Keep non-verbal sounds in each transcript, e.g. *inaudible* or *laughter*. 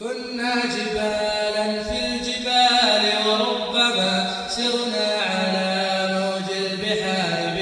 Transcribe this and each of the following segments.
كنا جبالا في الجبال وربما سرنا على موج البحار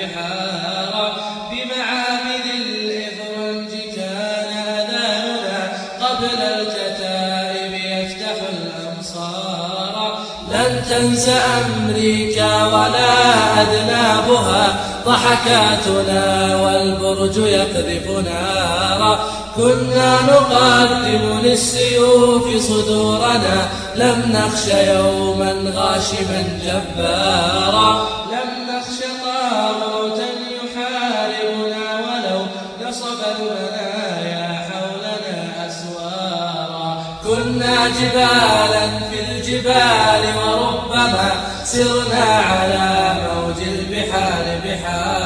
بحارا الإفرنج كان أذاننا قبل الكتائب يفتح الأمصار لن تنسى أمريكا ولا أذنابها ضحكاتنا والبرج يقذفنا الثرى كنا نقدم للسيوف صدورنا لم نخش يوما غاشما جبارا لم نخش طاغوتا يحاربنا ولو نصب المنايا حولنا أسوارا كنا جبالا في الجبال وربما سرنا على موج البحار بحار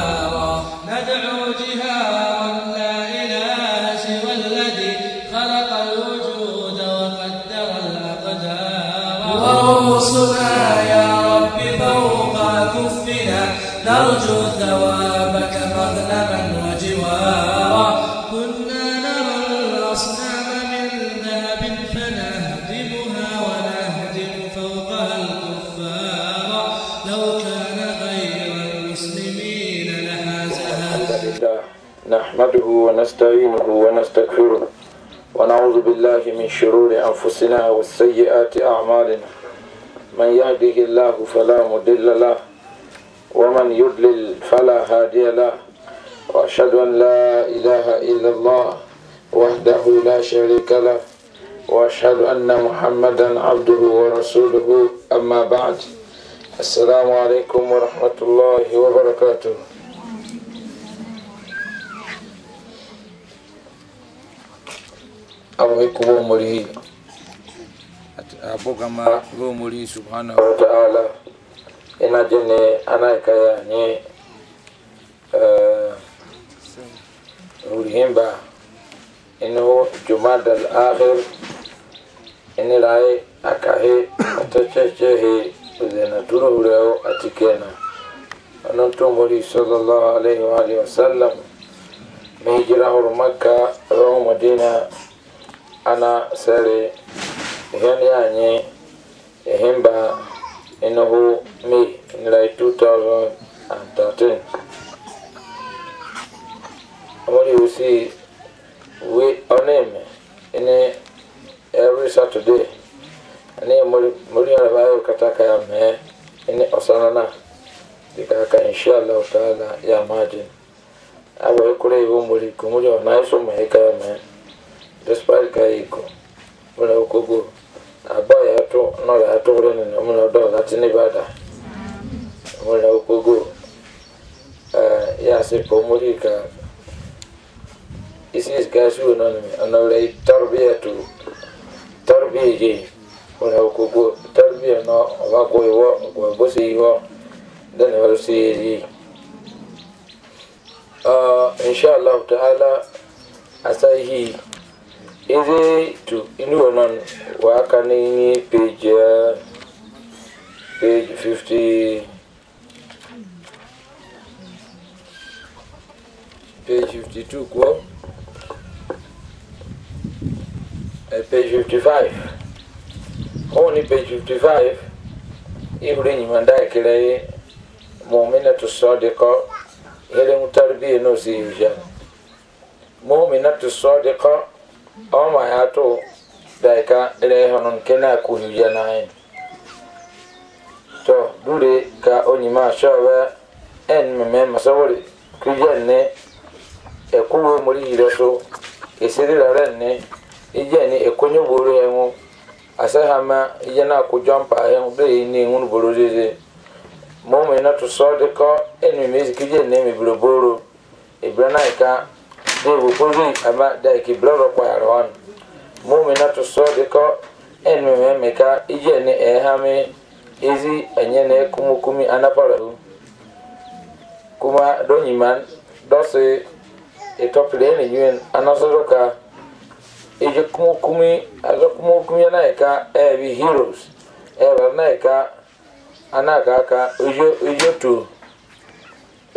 ونستعينه ونستغفره ونعوذ بالله من شرور أنفسنا والسيئات أعمالنا من يهده الله فلا مضل له ومن يضلل فلا هادي له وأشهد أن لا إله إلا الله وحده لا شريك له وأشهد أن محمدا عبده ورسوله أما بعد السلام عليكم ورحمة الله وبركاته abuhi kubomulihi abogama bomulihi subhanahu wataala ina jene anaikaya nye eh, urihimba inu jumada al-akhir inirai akahi atachechehi uzenaturuhureo atikena onotumuli sallallahu alaihi waalihi wasallam mihijirahuru makka abahu madina anasịrị ihe ndị anyị ehimba inuhu mi nlai 2013 ọmọdé wò sí wí ọ́nẹ́ẹ̀mẹ̀ ní every saturday ní mọ̀rí ọ̀rọ̀ báyọ̀ kátàkà yà mẹ́ ní ọ̀sán náà ka ya majin abu ya kure ibu muri kumuri wa na isu mai ya despite ka iko muna okogo aba ya to no ya to re ni muna do lati ni bada muna okogo eh ya se pomori ka isi is gasu no ni ana re tarbiyatu tarbiyi muna okogo tarbiya no wa ko iwo ko bo si iwo dan wa si yi ah insha Allah ta'ala asahi Eze to inu wannan waka na ini page ya eh, page 50 page 52 kuwa eh, page 55 honi page 55 ibri nyima ndaekeraye muminatu sadiqa hele mutarbiye nosiyibijana muminatu sadiqa Ọ ma ya to daika ere hono nke na kuhibia na hin to dure ka onyima ashawe en meme masawori kujia ne ekuwe muri hire so esirira renne ije ni ekonyo buru enwu asahama ije na akujọ mpa enwu bee ni enwu buru rere mọmọ iná tó sọ ọ dẹkọ ẹnu mi ezikije ne nne buru buru ebire náà ká no bu kulbin daiki da ki bloro kwa yarwan mu'minatu sadiqa en me me ka ije ni e ha me izi enye ne kumu kumi anapara hu kuma donyi man dose e topile ne yuen anasoro ka ije kumu kumi azo kumu kumi na e ka e heroes e ba na ka anaka ka ujo ujo tu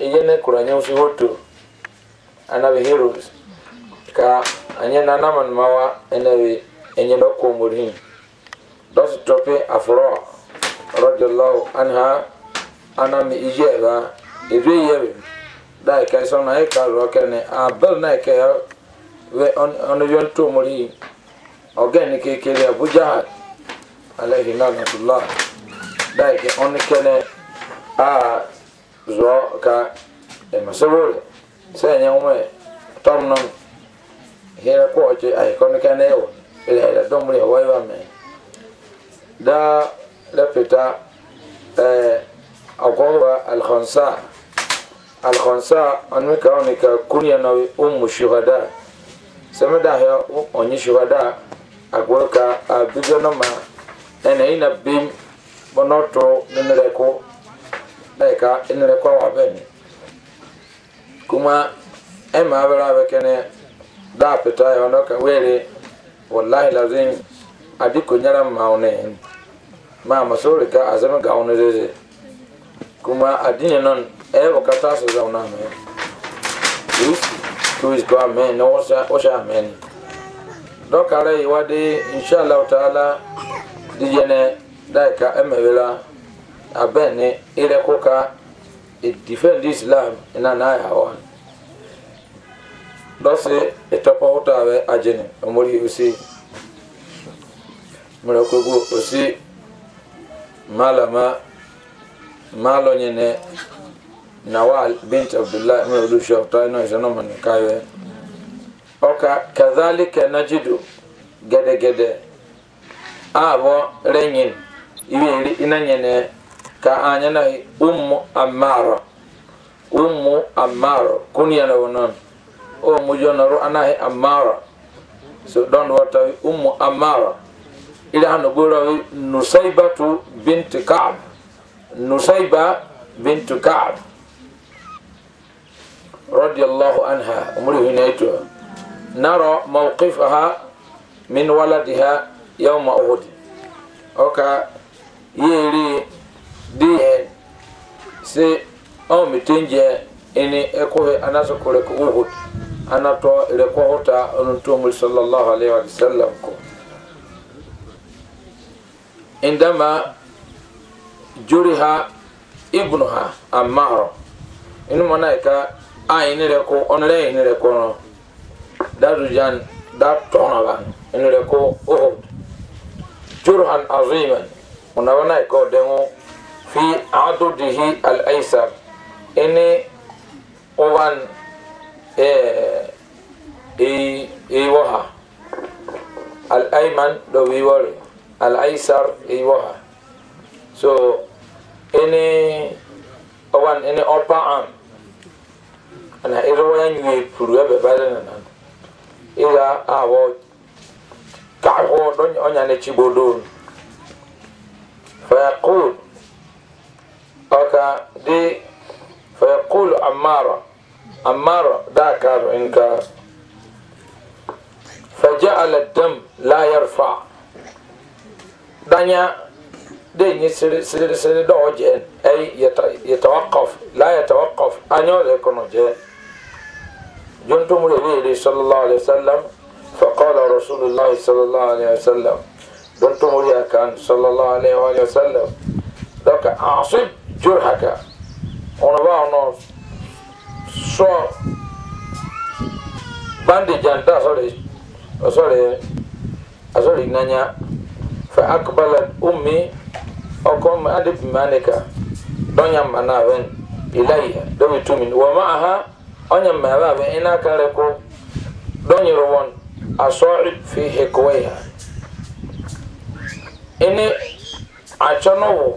ije ne kuranya usi hotu anabi heroes ka anya na naman mawa enabi enye do ko morin do su tope afro radiyallahu anha ana mi ijeba ebe yebe da ka so na ka ro kene abel na ka we on on yon to mori ogen ke kele abuja alayhi nabiyullah da ke on kene a zo ka e sɛ nyɛ ŋmɛ tɔm nɔm hɛrɛ kɔɔ kye ayi kɔni kɛ ne wo ɛlɛ ɛlɛ dɔm ne wa yɔ mɛ daa lɛ pita ɛɛ eh, agɔba alihamsa alihamsa ɔni ka ɔni ka kunya na umu shuhada sɛmɛ daa hɛ ɔnyi shuhada agbɔ ka abidjan ma ɛnɛ ina bim bɔnɔtɔ ne nerɛ ko ɛka ne nerɛ kɔ kuma ɛma abɛrɛ abɛkɛnɛ da peta ya ɔnɔ ka weere wallahi lazim adi ko nyara maawo ne yin maa masori ka azɛmɛ gawo ne zeze kuma adini nɔn ɛyɛ wɔ so zɛw na mɛ yusu tuwis ko amɛn na wɔhyɛ wɔhyɛ amɛn dɔkara yi wa de inshallah taala di yɛnɛ daa ka ɛmɛ wela abɛn ne it defend islam ina na ya wan dɔsi itɔpɔ wotɔ abɛ adzeni omori osi murakogo osi malama malo nyene nawal bint abdullah ibn abdul shaftai no jana man kaiwe oka kadhalika najidu gede gede abo renyin ibi ina nyene ka anya na ummu ammara ummu ammara kunya na wonon o mu jona ro ana he ammara so don wata ummu ammara ila hanu gora nusaybatu bint ka'b nusayba bint ka'b radiyallahu anha umri hinaitwa nara mawqifaha min waladiha yawma uhud oka yeri diɛ e, se ɔn mi ten jɛ ini ekohe anaso kore ko uhud anato ire ko hota onun tumul sallallahu alaihi wa sallam ko indama juriha ibnuha ammaro inu mana ka a ini re ko onre ini re ko no dadu jan da tona ba ini re ko uhud jurhan aziman una wana ko dengo fi adudihi al-aisar ini quban eh, iwaha al-ayman do wiwari al-aisar iwaha so ini quban ini upper arm ana irwayan yi puru ebe bare na nan ila awo kaho don onya ne chibodo fa yaqul أوكا دي فيقول عمار عمار ذاك إنك فجعل الدم لا يرفع دنيا دي ني سيري سيري دو جين أي يتوقف لا يتوقف أن يكون جين جنتم النبي صلى الله عليه وسلم فقال رسول الله صلى الله عليه وسلم جنتم كان صلى الله عليه وسلم ذاك أعصب jorhaka ono ba ono so bandage and that sorry sorry sorry nanya fa akbalat ummi akom ande bimaneka donya mana wen ilaiha do bitumin wa ma'aha onya mawa ben ina kare ko donya won asoib fi hikwaya ini achono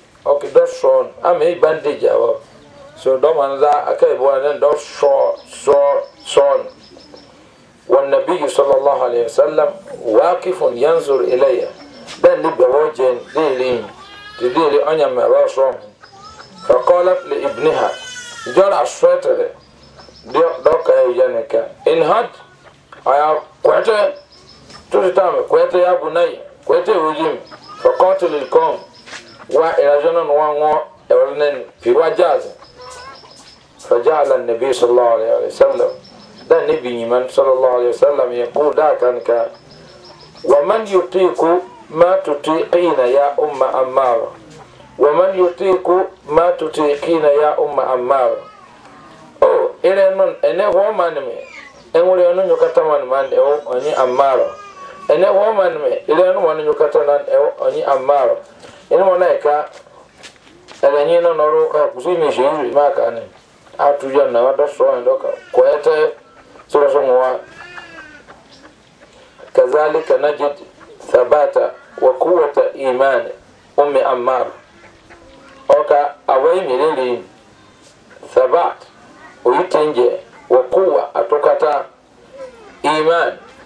ok dɔ sɔɔ ama eyi bandage awɔ so dɔ ma za aka yi bɔ ne dɔ sɔɔ sɔɔ sɔɔ wɔn nabi yi sɔlɔlɔhu alayhi wa sallam waaki fun yanzur ilayya dan ni bɛwɔ jɛn deeli ti deeli ɔnya mɛ ɛwɔ sɔɔ fakɔla le ibniha jɔn a sɔɛtɛrɛ dɔ ka yi yɛn ka in had a y'a kɔɛtɛ tuntun taa mi kɔɛtɛ y'a bu na ye kɔɛtɛ yi o yi mi fakɔɔtɛ lil kɔn. wa irajana no wango ewrenen fi wajaz fajala nabi sallallahu alaihi wasallam da nabi yiman sallallahu alaihi wasallam yaqul da kan ka wa man yutiqu ma tutiqina ya umma ammar wa man yutiqu ma tutiqina ya umma ammar o ire non ene ho manme enwere onu nyukata man man e onyi ammar ene ho manme ire non wonu nyukata nan e onyi ammar ene wana eka ene nyi no noro ka atuja na wada so ndoka kwete sura songwa kadhalika najid thabata wa quwwata imani ummi ammar oka awai miriri thabat uyitenje wa quwwa atokata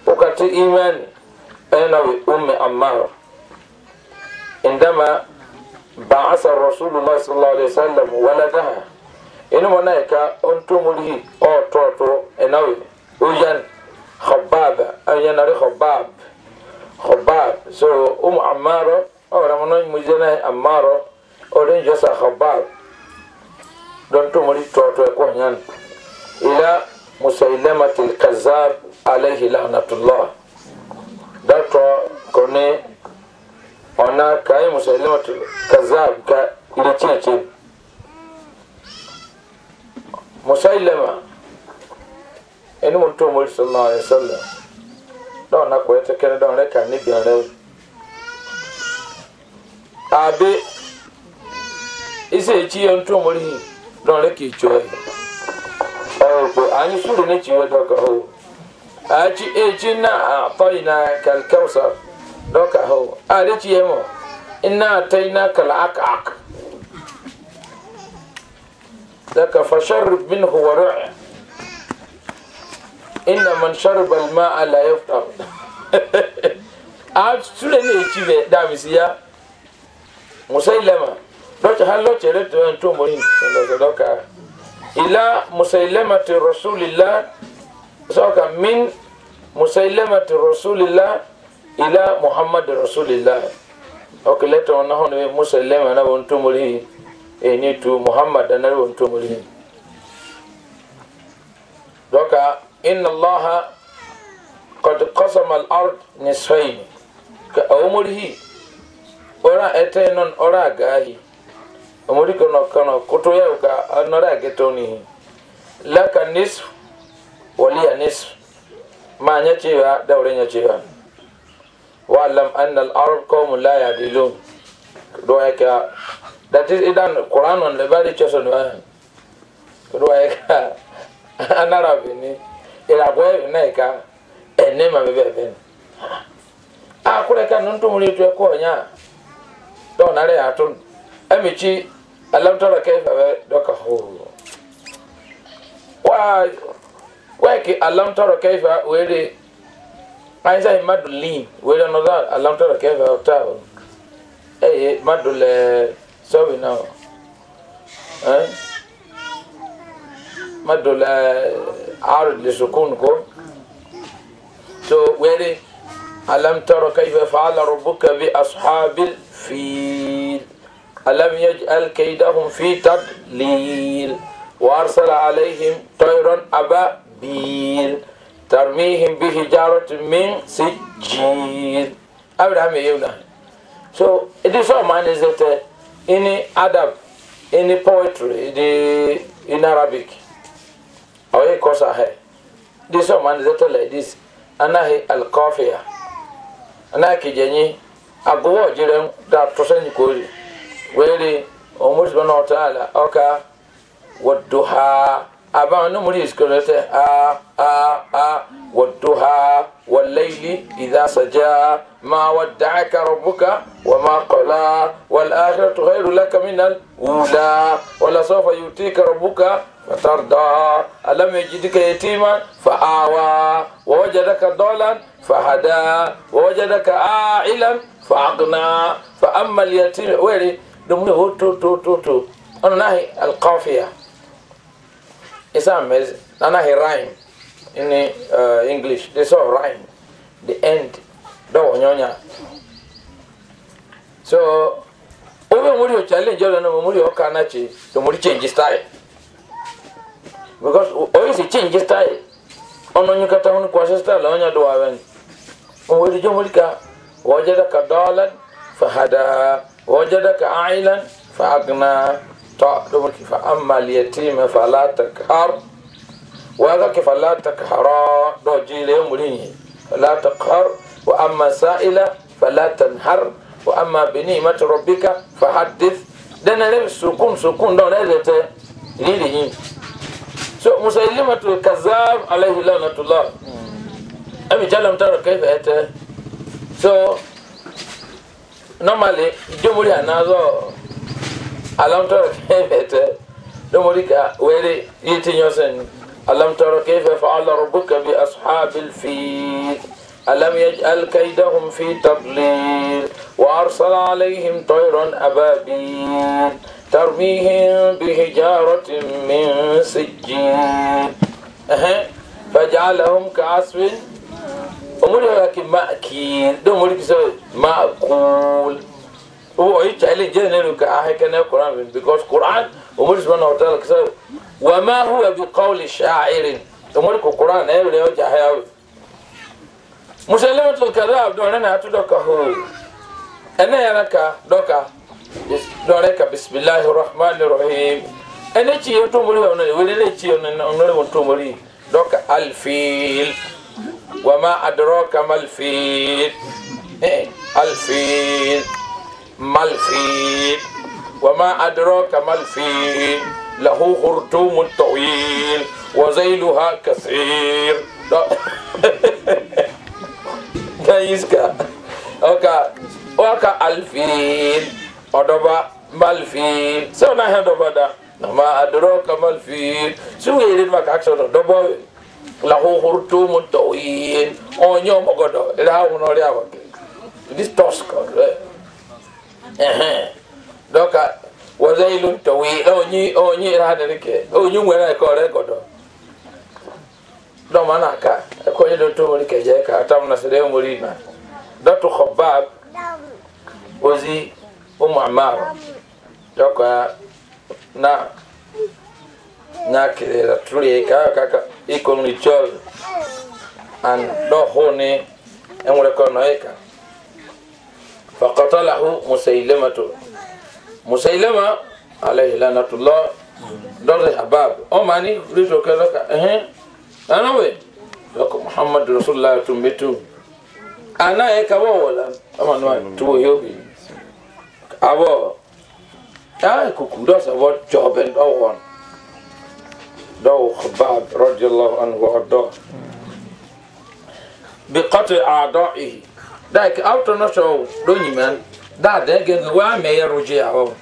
ukati imani ena ummi ammar indama baasa rasulullah sallallahu alaihi wasallam waladaha ina mwana ka ontumuli o toto enawe uyan khabab ayana ri khabab khabab so um amaro o ramano mujana amaro o den josa khabab don tumuli toto ko nyan ila musailamati alkazab alaihi lahnatullah dato kone ona kai musailimatu kazzab ka za ce ma mutum ilacece musailama eni muntu omuli sallallahu alaihi wasallam dona kwetekere dona ka ni rai abe ci ise echi yo ntu omuli dona ɗauko choe yi suru ne chiwe doka a ci echi na a fari na kalkausar doka hau a ah, rici ya mo ina ta yi naka ak ak daga fashar rubin huwara ina man sharbal ma ala yaftar a *laughs* tsule ah, ne ci da damisi ya musailama dɔkɛ hali dɔkɛ yɛrɛ tɛ n tɔmɔ ni sɔlɔsɔ dɔka ila musailama ti rasulila sɔka min musailama ti rasulila. ila muhammad rasulillah ok na hono be musa na won to muli e ni tu muhammad na won to muli doka inna allaha qad qasama al-ard nisfayn ka umrihi ora etenon ora gahi umri kono kono kuto ya ka anora getoni laka nisf waliya nisf ma nyachiwa dawre nyachiwa wa'alam anna al-arab qawmun la ya'dilun do ay ka that is idan quran on the very chosen one do ay ka anara bini ila ko na ka enne ma bebe ben a kure ka nun tumuri to ko nya do na re atun amichi alam tara kaifa do ka ho wa wa ki alam tara kaifa wele aisa yi madu lin wele no da alam to ke ba ta ba eh madu le so we now eh madu le عارض لسكون كون so wele alam tara kayfa fa'ala rabbuka bi ashabil fil alam yaj'al kaydahum fi tadlil وارسل عليهم طيرا ابابيل tarmihim bi hijaratin min sijjir abira me yuna so it is all man is that in adab any poetry in, in arabic awe kosa he this all man is that like this anahi alqafiya anaki jenyi agowo jire da tosen kori wele o musbana wa ta'ala oka wadduha أبا نمر يشكرته آ آ آ والدها والليل إذا سجى ما ودعك ربك وما قلى والآخرة خير لك من الأولى ولسوف يؤتيك ربك فترضى ألم يجدك يتيما فآوى ووجدك ضالا فهدى ووجدك عائلا فأغنى فأما اليتيم ويلي دمي تو تو تو تو أنا ناهي القافية isa mezi nana he rhyme in uh, english they saw rhyme the end dɔwɔ nyɔnya so o bɛ muri challenge yɔrɔ na o muri o change style because always uh, yi change style ɔnɔ nyi ka taa hɔn kwasi style la ɔnya do wa bɛ ni o wuli jɔ muri ka wɔjɛ da ka dɔɔlan fa hada wɔjɛ da ka ayilan fa agna. تعلمك فأما اليتيم فلا تكهر وذاك فلا تكهر رجل يملي فلا تقهر وأما سائل فلا تنهر وأما بنيمة ربك فحدث دنا نبي سكون سكون دون أزلت ليه سو مسلمة الكذاب عليه لعنة الله أبي جلهم ترى كيف أتى سو نمالي جمولي أنا زو alam ترى كيف domorika wele yiti nyosen alam tara kayfa fa'ala rabbuka bi ashabil fil ألم يجعل كيدهم في تضليل وأرسل عليهم طيرا أبابيل ترميهم بحجارة من سجيل فجعلهم كعصف أمور لكن مأكيل دمورك مأكول هو ايش قال جهل كاهي كان القران because قران عمر سبحانه وتعالى كسر وما هو بقول شاعر عمر القران ايه اللي لو جاء مسلمة الكذاب دون انا اتدك هو انا يا لك دوكا دورك بسم الله الرحمن الرحيم انا تي يتومري انا ولي تي انا انا وتومري دوكا الفيل وما ادراك ما الفيل إيه، الفيل ملفين وما أدراك ملفين له خرطوم طويل وزيلها كثير ده *laughs* يسكا أوكا أوكا الفيل أدبا ملفين سونا هدبا دا ما أدراك ملفين شو يريد ما كاكسون دبا له خرطوم طويل أو نيوم أقدر هو ونوريا وكي This tusk, right? dọka wọzọ ilu ntọwi onyi onyi radirike onyi nwere ẹkọ rẹ gọdọ dọma na aka ẹkọ onye dọtọ omori kẹjẹ ka atam na sẹdẹ omori na dọtọ kọbab ozi ụmụ amarụ dọka na na kere tụrụ ka ayọ kaka ikon ritual and dọhụ ni enwere kọ nọ ịka فقتله مسيلمة مسيلمة عليه لعنة الله دور الحباب أماني ماني ريتو كذا إيه أنا وين محمد رسول الله تمتو أنا هيك إيه أبو ولا أما نوع تو يوبي أبو أي آه، كوكودا سبب جابن أوان دو خباب رضي الله عنه وأرضاه بقتل أعدائه like auto no show don't you man that they get where may roje aho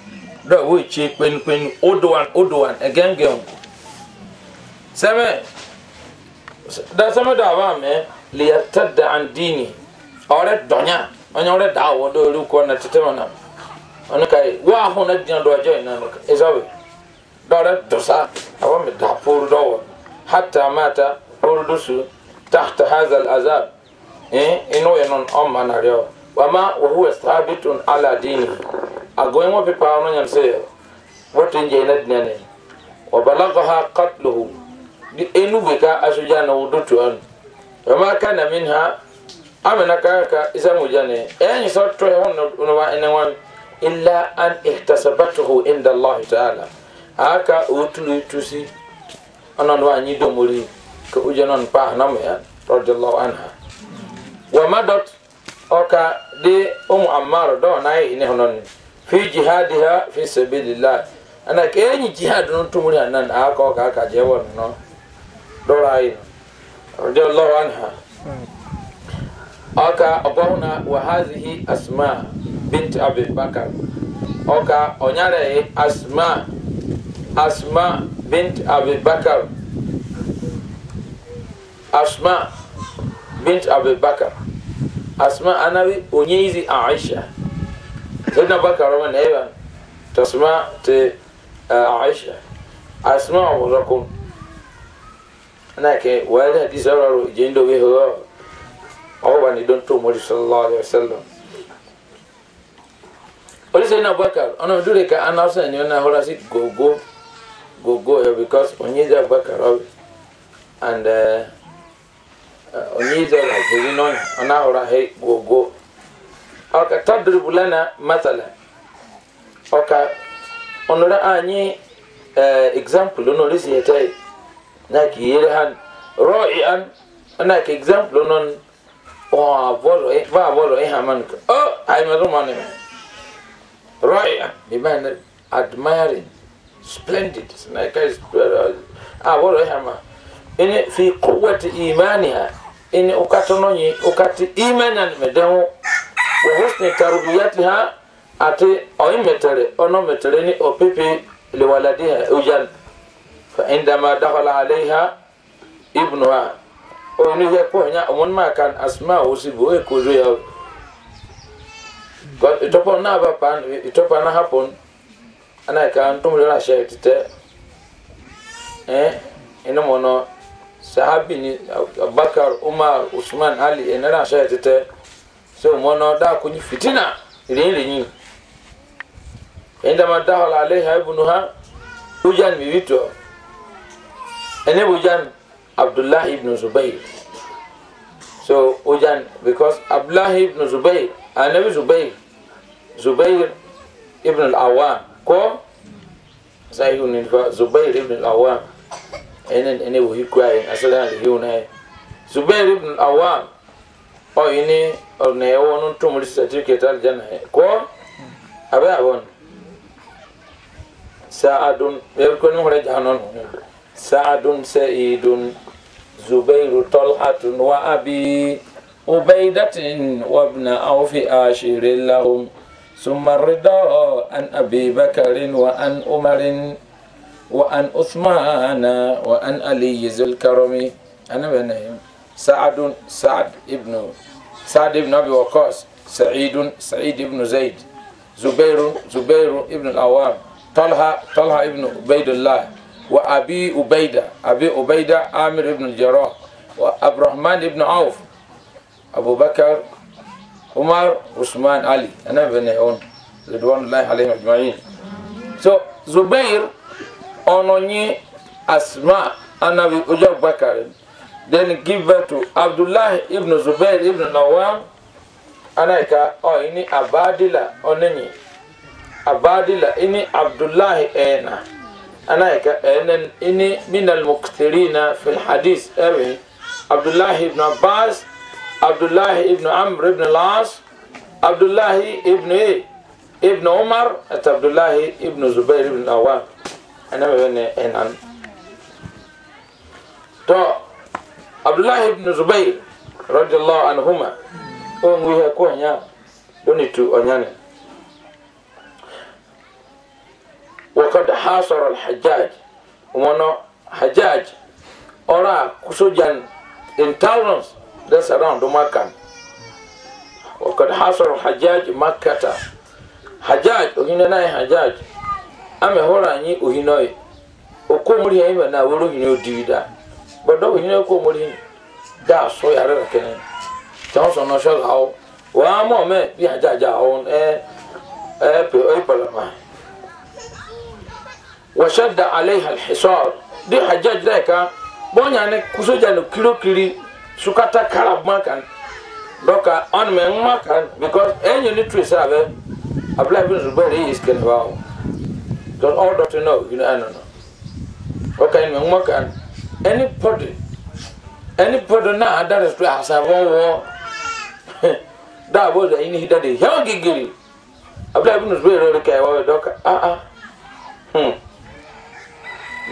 do we check pen pen odoan odoan again game seven da sama da ba me li yatadda an dini ore donya onye ore da wo do ru ko na tetema na onu kai wa ho na dina do ajo na no ezawe do ore dosa awo me da poru do hatta mata poru dosu tahta hadha al azab eh ino ya non on manario wama wa huwa thabitun ala dini agoyin wa pipa ono nyam se na dinane wa balagha qatluhu enu bika asuja na wudutu an wama kana minha amena kaka izamu jane enyi eh, sotto he hono no wa enen illa an ihtasabatuhu inda allah ta'ala aka utulu tusi anan wa nyi domori ka ujanan pa namu ya radiyallahu anha ومدت أكا دي أم عمار دون أي نهنون في جهادها في سبيل الله أنا كأني جهاد نتمنى أن أكا أكا أكا جوان نو دور أي رضي الله عنها أكا أبونا وهذه أسماء بنت أبي بكر أكا أنياري أسماء أسماء بنت أبي بكر أسماء bint abubakar asma anabi onyeizi aisha sayidina bakar wa naiba tasma te uh, aisha asma ɔwɔdɔkun anake wɛrɛ hadisi ɔrɔrɔ jɛndo bi hɔ ɔwɔ ni don to mori sallallahu alaihi wa sallam olu sayidina bakar ɔnà dure ka anasa ni ɔnà hɔra si gogo gogo yɛ because onyeizi abubakar ɔbi oh, and. Uh, a onyizela zirinonya onahura he gogo oka tadribu lana mathala ka onora anyi uh, example onore siyetai naki yere han roi an onaki example onon va avoro ihamanka o aimarumanim roi an biman admiring splendid snaka avoro ihama ini fi quwati imaniha ini ukati nonyi ukati imenan medenwo wa karubiyati ha ati oyin metere ono metere ni opepe liwaladiha ujan fa indama dakhala alaiha ibnu oyinu oni kɔ nya ɔmo nima asma usi a wosi ya o na naa ba paa itɔpɔ na hapon ana yi ka eh la ahyɛ sahabi ni abubakar umar usman ali Enara, ahyɛ tete sɛ wɔn no da akonyi fitina renrenyi ɛnidama da hɔ ale ha ebunu ha ojan bibi tɔ ɛne ojan abdullahi ibn zubair so ojan because abdullahi ibn zubair anabi zubair zubair ibn al-awwam kɔ sahihu nifa zubair ibn al ene ene wo yi kura yen asala ne yi wona ye zubair ibn awam ɔ yi ni ɔna yɛ wɔ no ntomri certificate aljana yɛ kɔ abe abɔn saadun yɛrɛ ko ne hɔrɛ jaa nɔnɔ saadun sa'idun zubairu tolhatun wa abi ubaidatin wa ibn awfi ashirin lahum ثم الرضا عن أبي بكر وعن أمر وأن أثمان وأن علي ذو الكرم أنا بنهم سعد سعد ابن سعد ابن أبي وقاص سعيد سعيد ابن زيد زبير زبير ابن الأوام طلحة طلحة ابن عبيد الله وأبي عبيدة أبي عبيدة عامر ابن الجراح وأبو الرحمن ابن عوف أبو بكر عمر عثمان علي أنا بنهم رضوان الله عليهم أجمعين so زبير ono nye Asma anabi ojo Abubakar then give birth to Abdullah ibn Zubair ibn Nawam anaika o oh, ini Abadila onenye Abadila ini Abdullah ena anaika enen ini min al-muqtirina fil hadith ewe Abdullah ibn Abbas Abdullah ibn Amr ibn Las Abdullah ibn eh, ibn Umar at Abdullah ibn Zubair ibn Awam ana me ne enan to abdullah ibn zubair radiyallahu anhuma o ngwi he ko nya doni tu onyane wa qad hasara al hajjaj umono hajjaj ora kusojan in thousands that's around makkah وقد حاصر الحجاج مكة حجاج وهنا ناي حجاج amehoro anyi ohinoi okomori yɛn bɛ na woro hinɛ odiwi da bɔdɔ ohinɛ okomori da so yare rɛ kɛnɛ tɛn sɔn na sɔrɔ awo wɔn amɔ mɛ bi ajaja awo ɛɛ e, ɛɛ e, pe ɛɛ e, pɛlɛma wɔhyɛ da ale halisɔr di hajjaj dɛ ka bɔnya ne kusoja ne kirokiri sukata kala buma kan dɔka ɔn ŋma kan because ɛnyɛ ne turi sɛ abɛ abdulayi bin zubairi yi sikɛnɛ baawo. Don't all doctor know, you know, I don't know. Okay, I'm working. Anybody, anybody now that is to ask a one. *laughs* That was the in here that the young giggle. I not going to really care what doctor. Ah, ah. Hmm.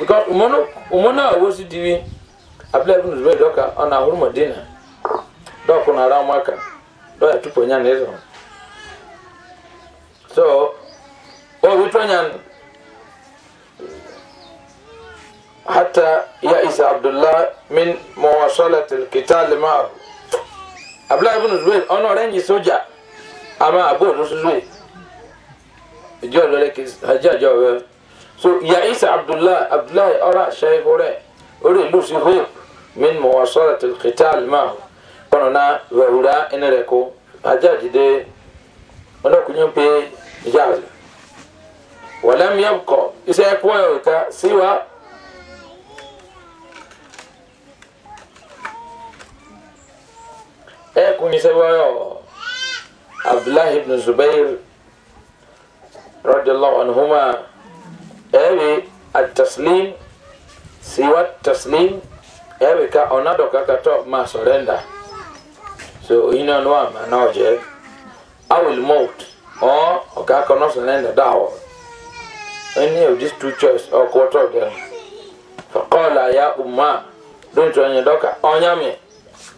Because Umana, I was the TV. I'm not going to really doctor on our room dinner. Doctor, on our market. Doctor, 2.9 So, oh, which one? حتى يئس عبد الله من مواصلة القتال معه عبد الله بن زبير أنا رنجي سوجا أما أبو رسول جو لك هجا جو so يئس عبد الله عبد الله أرى شايف هوري أري لوسي هوب من مواصلة القتال معه كنا وهورا إن ركو هجا جدي أنا كنيم بي جاهز ولم يبقى إذا يكوى سوى e kunyisabayo abdullahi ibn zubair radiyallahu anhuma ebi ataslim siwa taslim ebi ka onado kakato ma surrender so oyina no ama na oje awil mout or oka kono surrender dawo any of these two choice or quarter of them faqala ya umma don't you doka onyame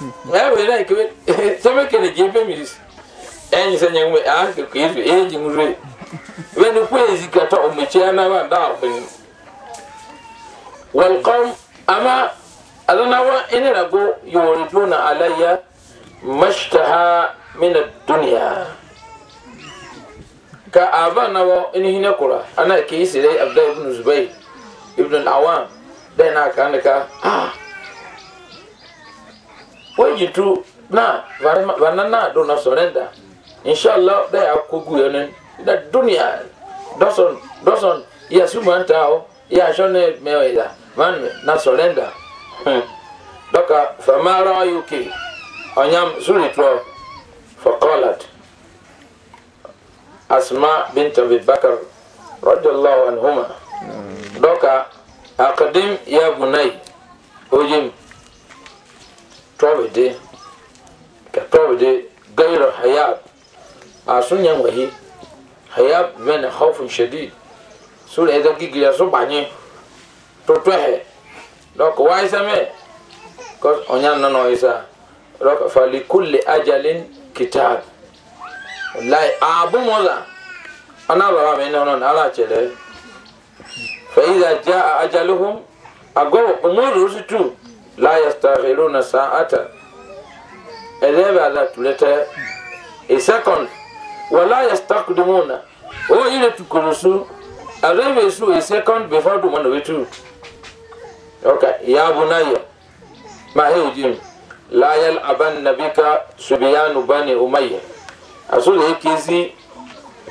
Bible like it. Some can give me this. And you young ask the kids, aging rate. When the praise got on my chair, never doubt. Welcome, Ama. I don't know what in it ago you will return Alaya Mashtaha Mina Dunia. Ka aba na wa in hina kura ana ke yi sai Abdullah ibn Zubayr ibn al-Awam dai na ka ah wejitu na vana na do na sorenda inshallah da ya kugu yone da dunia doson doson ya sumu antao ya shone meweza man na sorenda hmm. doka famara yuki onyam sulitro faqalat asma bint abi bakr radiyallahu anhuma doka aqdim ya bunay ojim tɔbidi ka tɔbidi gayra hayab a sun yan wahi hayab mena haufin shadid sura idan gigira su banye to tɔhe donc wa isa me cause on yan nana isa donc fali kulli ajalin kitab wallahi abu moza ana rawa me nan nan ala chere fa iza jaa ajaluhum ago umuru su tu la yastaghiluna sa'ata elebe ala tulete a second wala yastaqdimuna o ile tukurusu alebe su a second before the one wetu okay ya bunayya ma he ujim la yal'aban nabika subiyanu bani umayya asule ikizi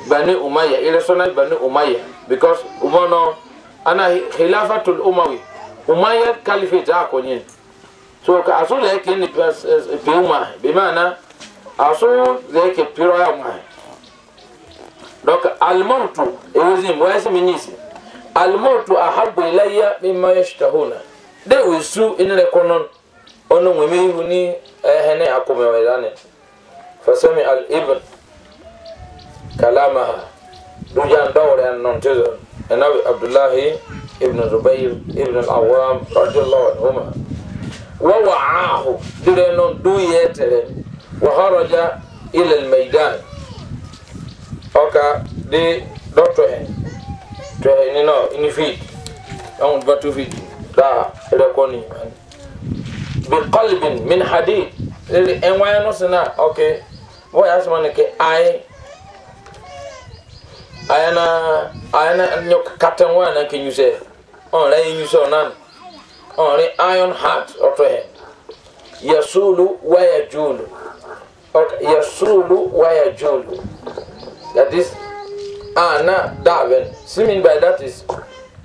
bani umayya ile sona bani umayya because umono ana khilafatul umawi umayyad caliphate a akɔnyɛ so ka aso na ɛkɛ ni pɛn eh, ma bi ma na aso na ɛkɛ pɛrɛ ya ma dɔk alimoto ewuzi mu wɔyɛ sɛ mi nisi alimoto ahabu ilayya mi ma yɛ sitahona de osu ɛnɛrɛ kɔnɔ ɔno ŋmɛmɛ ihu ni ɛhɛnɛ eh, akɔmɛwɛ lanɛ al ibn, kalamaha dujan dɔwɛrɛ nɔntɛ zɔn ɛnabi abdullahi ibn zubair ibn al-awwam radiyallahu anhuma wa wa'ahu dire non du yetere wa kharaja ila al-maidan oka de doctor hen to hen ni no ni fit on ba to fit da re koni bi qalbin min hadid en wayno sana okay wa yasmane ke ay ayana ayana nyok captain wa na ke nyuse on re nyuse nan on re iron heart oto he yasulu wa yajulu yasulu wa yajulu that is ana daven simin by that is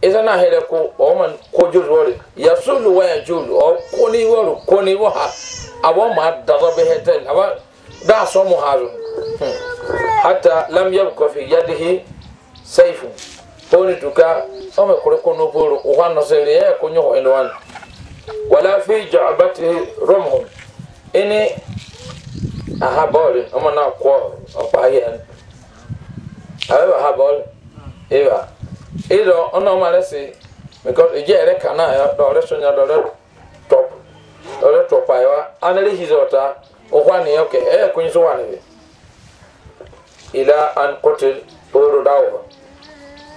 isa na hele ko o ko julu yasulu wa yajulu o ko ni wori ko ni wa ma da be hetel aba da so mu hazo hata lam yabqa fi yadihi sayfun oni tuka ome kure kono boro uhano sere ya kunyo elwan wala fi ja'batihi rumhun ini aha na ko opa yen awe aha bol ewa ido ono si ije ere kana ya sonya top hizota yoke إلى أن قتل بور داو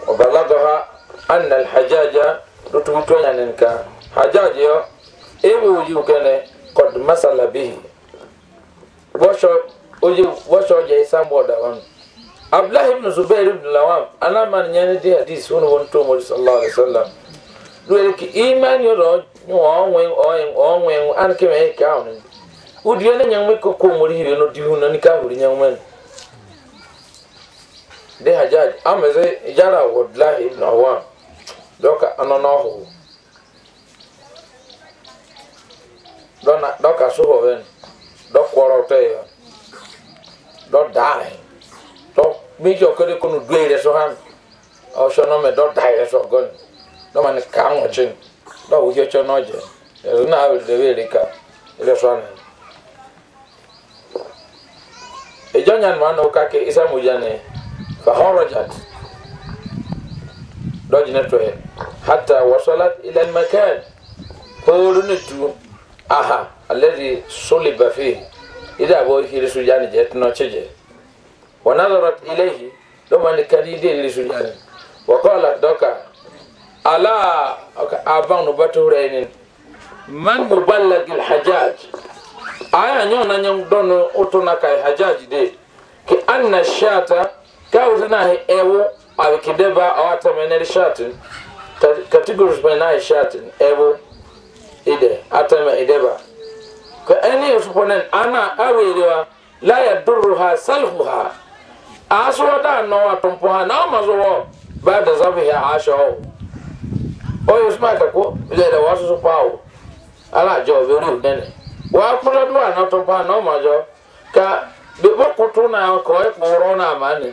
وبلغها أن الحجاج رتبتون ينكا حجاج يو إيو يوكنا قد مسل به وشو oye wɔsɔ ɔdza yi sam wɔda wɔn abdullahi ibn zubair ibn lawam alama ni nyɛ ne di hadis wɔn wɔn tó mo sallallahu alaihi wa sallam lórí ki iman yɛ lɔ ɔnwɛn ɔnwɛn ɔnwɛn ana kɛmɛ yɛ kɛ awon ni ne nyɛ ŋmɛ koko mo ri hiri no dihu na ka huri nyɛ ŋmɛ de hajjaj amaze yara wadlahi ibn awam doka anana ho dona doka so ho ven do kworo to yo do dai to mi jo kede kono duere so han o so no me do dai so gon do man ka chin do wo yo chono na abil de vele ka ele so han ejo nyan ma no ka ke isa mo فخرجت لجنته حتى وصلت إلى المكان قولنتو أها الذي صلب فيه إذا أبوه لسجان جاتنا تجي ونظرت إليه لما لكريدين لسجان وقالت دوكا ألا أبان باتورين من مبلغ الحجاج آية نيونا نيونا دونا أوتونا كاي حجاج دي كأن الشاتا Gawus na ewo abikideba awata meneri shatin. Categories menai shatun ewo ide atama ideba. Ka ene suponen ana awerewa la yadurruha salhuha. Aso da no atompo ha na mazo wo ba da zabi ya asho. Oyo smata ko ile da wasu su pawo. Ala jo veri nene. Wa kula duwa na atompo ha na mazo ka de bokutu na ko e koro na mani.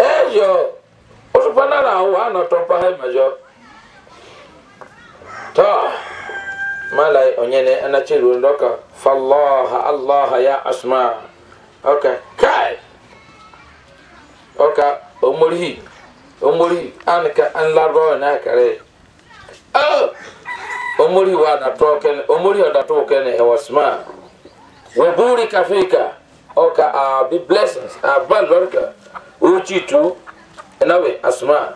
ejo usupana na wa no to pa he mejo to malai onyene anachiru ndoka fallaha allah ya asma okay kai okay omori omori anka an larbo na kare oh omori wa na token omori oda token e wasma wa burika fika okay uh, be blessings uh, ah, baraka uchitu nawe asma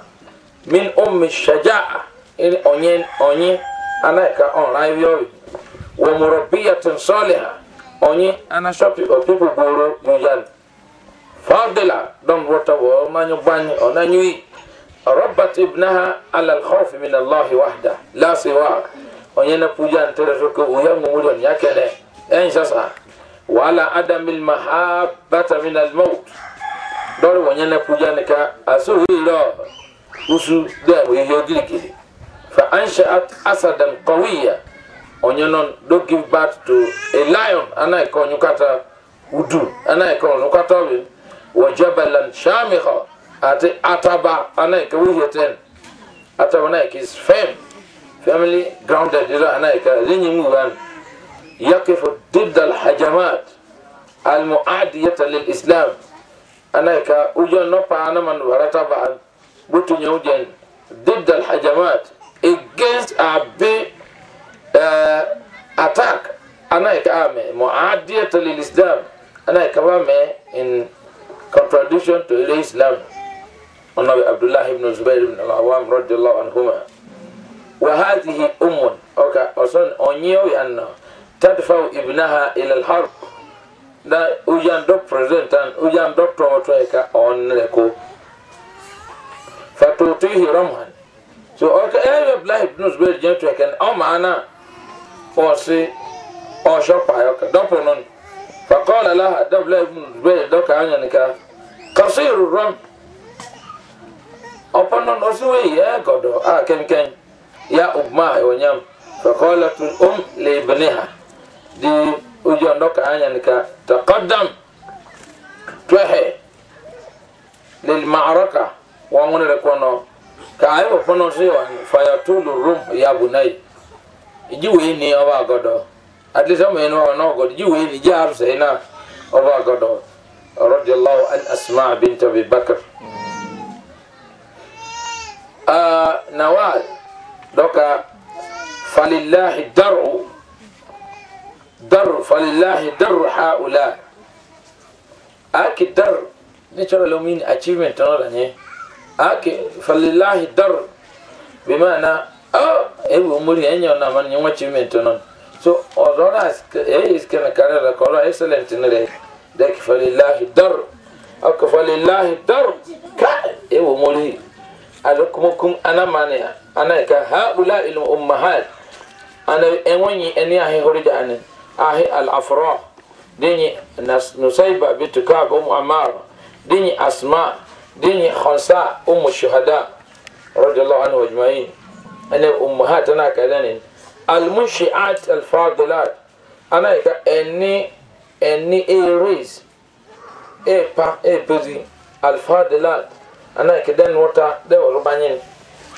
min ummi shaja'a ili onye onye anayeka online yobi wa murabbiyatin saliha onye ana shopi opipu buru mujani fadila don wata wa manyu bani onanyui rabbat ibnaha ala alkhawf min allah wahda la siwa onye na puja ntere soke uya ngumuri on yakene en sasa wala adamil mahabbata min almaut dɔre wɔnyɛ na kuja ne ka asuhiro usu dɛ wɔyɛ hɛ girigiri fa anshaat asadan qawiya ɔnyɛ nɔn do give birth to a lion ana ɛka ɔnyu kata udu ana ɛka ɔnyu kata wi wɔ jabalan shamiha ati ataba ana ɛka wɔyɛ ten ataba ana ɛka is firm family grounded ira ana ɛka rinyi mu wan yakifu didda alhajamat almuadiyata lilislam أنك وجن نبع أنا من ورطة بعد بطن يوجن ضد الحجمات against a big uh, attack أنك أمي معادية للإسلام أنك أمي in contradiction to Islam، النبي عبد الله بن الزبير بن العوام رضي الله عنهما وهذه أم أوكي أصلا أنيو أن تدفع ابنها إلى الحرب da uyan do presentan uyan do toto ka on leko fatutihi ramhan so oka ewe blahi ibn zubair jentu ken o maana fosi o shopa yoka dopo non faqala laha dabla ibn zubair doka anya nika kasiru ram upon non osuwe ya godo a kenken ya umma yonyam e faqala tu um li ha di ujo ndoka anyanika taqaddam twehe lilmaraka wangunere kono ka ayo fono siwa fayatulu rum ya bunai ijiwe ni oba godo at least omo eno ono godo ijiwe ni jar sena oba godo radiyallahu an asma bint abi bakr ah nawal doka falillahi dar'u الدر فلله در هؤلاء أكي در نشر لو مين achievement تنولا نيه أكي فلله در بمعنى أو آه، إبو إيه، مولي أني أنا من يوم achievement تنون so أظن أسك إيه إسكنا كارلا كورا excellent نري ذاك فلله در أكي فلله در كا إبو إيه، مولي أذكركم أنا مانيا أنا كهؤلاء الأمهات أنا أمني أني أهي هرجاني ahi al-afrah dinyi nusayba bint kab um amar dinyi asma dinyi khansa um shuhada radiyallahu anhu ajma'in ana ummahat ana kadani al-munshi'at al-fadilat ana ka eni eni eris e pa e bezi al-fadilat ana kadan wata da rubanin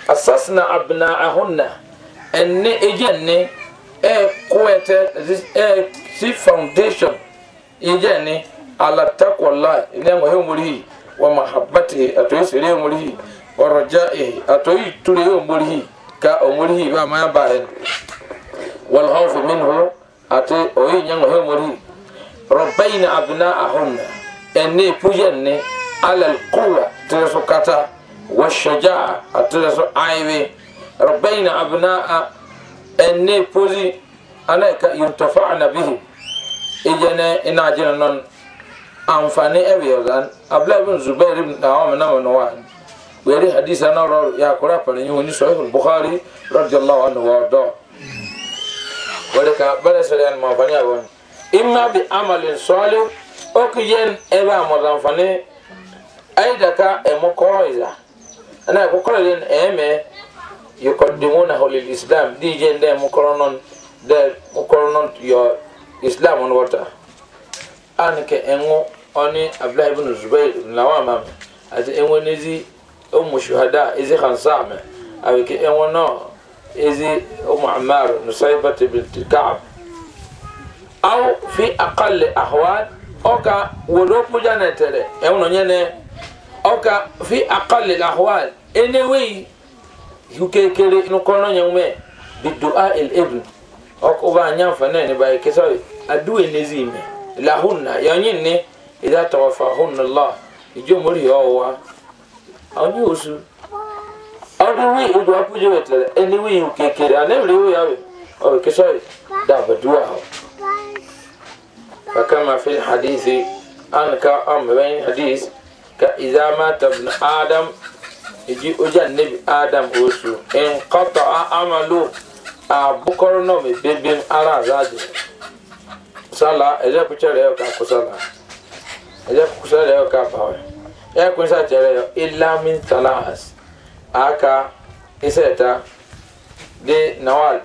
asasna abna'ahunna eni ejanni e kuwete e si foundation inje ni ala takwallah ile mo he muri wa mahabbati atoyi sere muri wa rajai atoyi ture muri ka omuri ba ma ba he wal khawf minhu ate oyi nyang he muri rabbaina abna'ahum enne puyenne ala alquwa tiresukata washaja'a atiresu aiwe rabbaina abna'a enne pozi ana ka yuntafa anabihi ijene ina jina non amfani ebe yazan abla ibn zubair ibn awam na wani wa weri hadisa na ro ya kura pare ni woni sahih bukhari radiyallahu anhu wa do wala ka bala salen ma fani abon imma bi amalin salih o ku yen ebe amodan fani aidaka e mo ko iza ana ko ko len eme yuqaddimunahu lil islam di je nde mukoronon de mukoronon yo islam on wata an ke enwo oni abdullah ibn zubair lawama ati enwo nezi ummu shuhada izi khansa me awi ke enwo no izi ummu ammar nusaybat bint ka'b aw fi aqall ahwal oka wodo puja netere enwo nyene oka fi aqall ahwal anyway yukekere nukono nyangume bidua el ibn okuba nyamfa nene baye kesa aduwe nezime lahunna yonyine idha tawafahunna allah ijo muri yowa awni usu awni wi ugo apuje wetle eni wi yukekere anemri wi yawe awe kesa da badua hawa فكما في الحديث أنك أم بين حديث كإذا مات ابن آدم eji oji anabi adam osu nkɔtɔ amalu abukɔrɔ nɔ mi bebem ara azadi sala ɛdɛ kutsɛ rɛ ɔka kusala ɛdɛ kutsɛ rɛ ɔka bawɛ ɛdɛ e kutsɛ tsɛrɛ yɔ ilami salas aka isɛta de nawal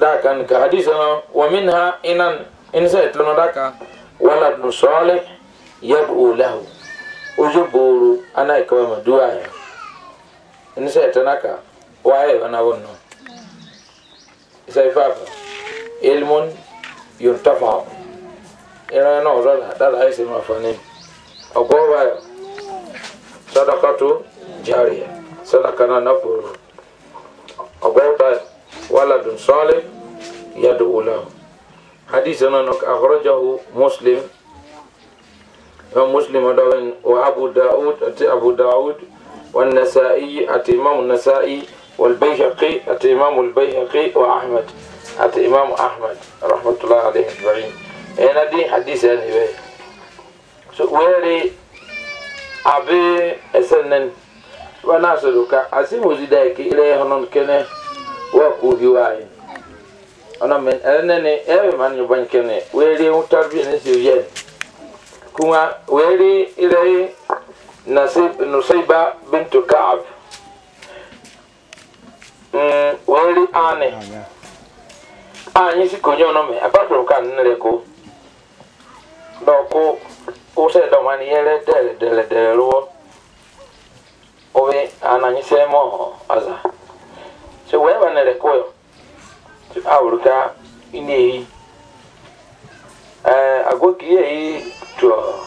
daka nika hadisa nɔ wɔmin ha inan inisɛtɔ nɔ daka wala dunu sɔɔle yadu o lahu ojú booro ana ìkọ́wé yẹn. nisa itanaka waye wana wonno isai fafa ilmun yuntafa ina na ozala dala isi mafanin agoba sadaqatu jariya sadaqa na nafuru agota waladun salih yad'u lahu hadith na nok akhrajahu muslim wa muslim adawin wa abu daud ati abu daud والنسائي أتى إمام النسائي والبيهقي أتى إمام البيهقي وأحمد أتى إمام أحمد رحمة الله عليه أجمعين أنا دي حديث أنا بي ويري أبي أسنن وناس دوكا أسيم وزيدايك إليه هنون كنه وكو هواي أنا من أنا أبي من يبان كنه ويري متربي نسيو كما ويري إلي nusaiba bintu kaab mm wori ane anyi ah, ah, si konyo no me apapro kan nere ko do ko o se do mani yele dele dele dele ruo obe ananyi se mo aza se wewa nere ko yo awurka ini eh agoki ye to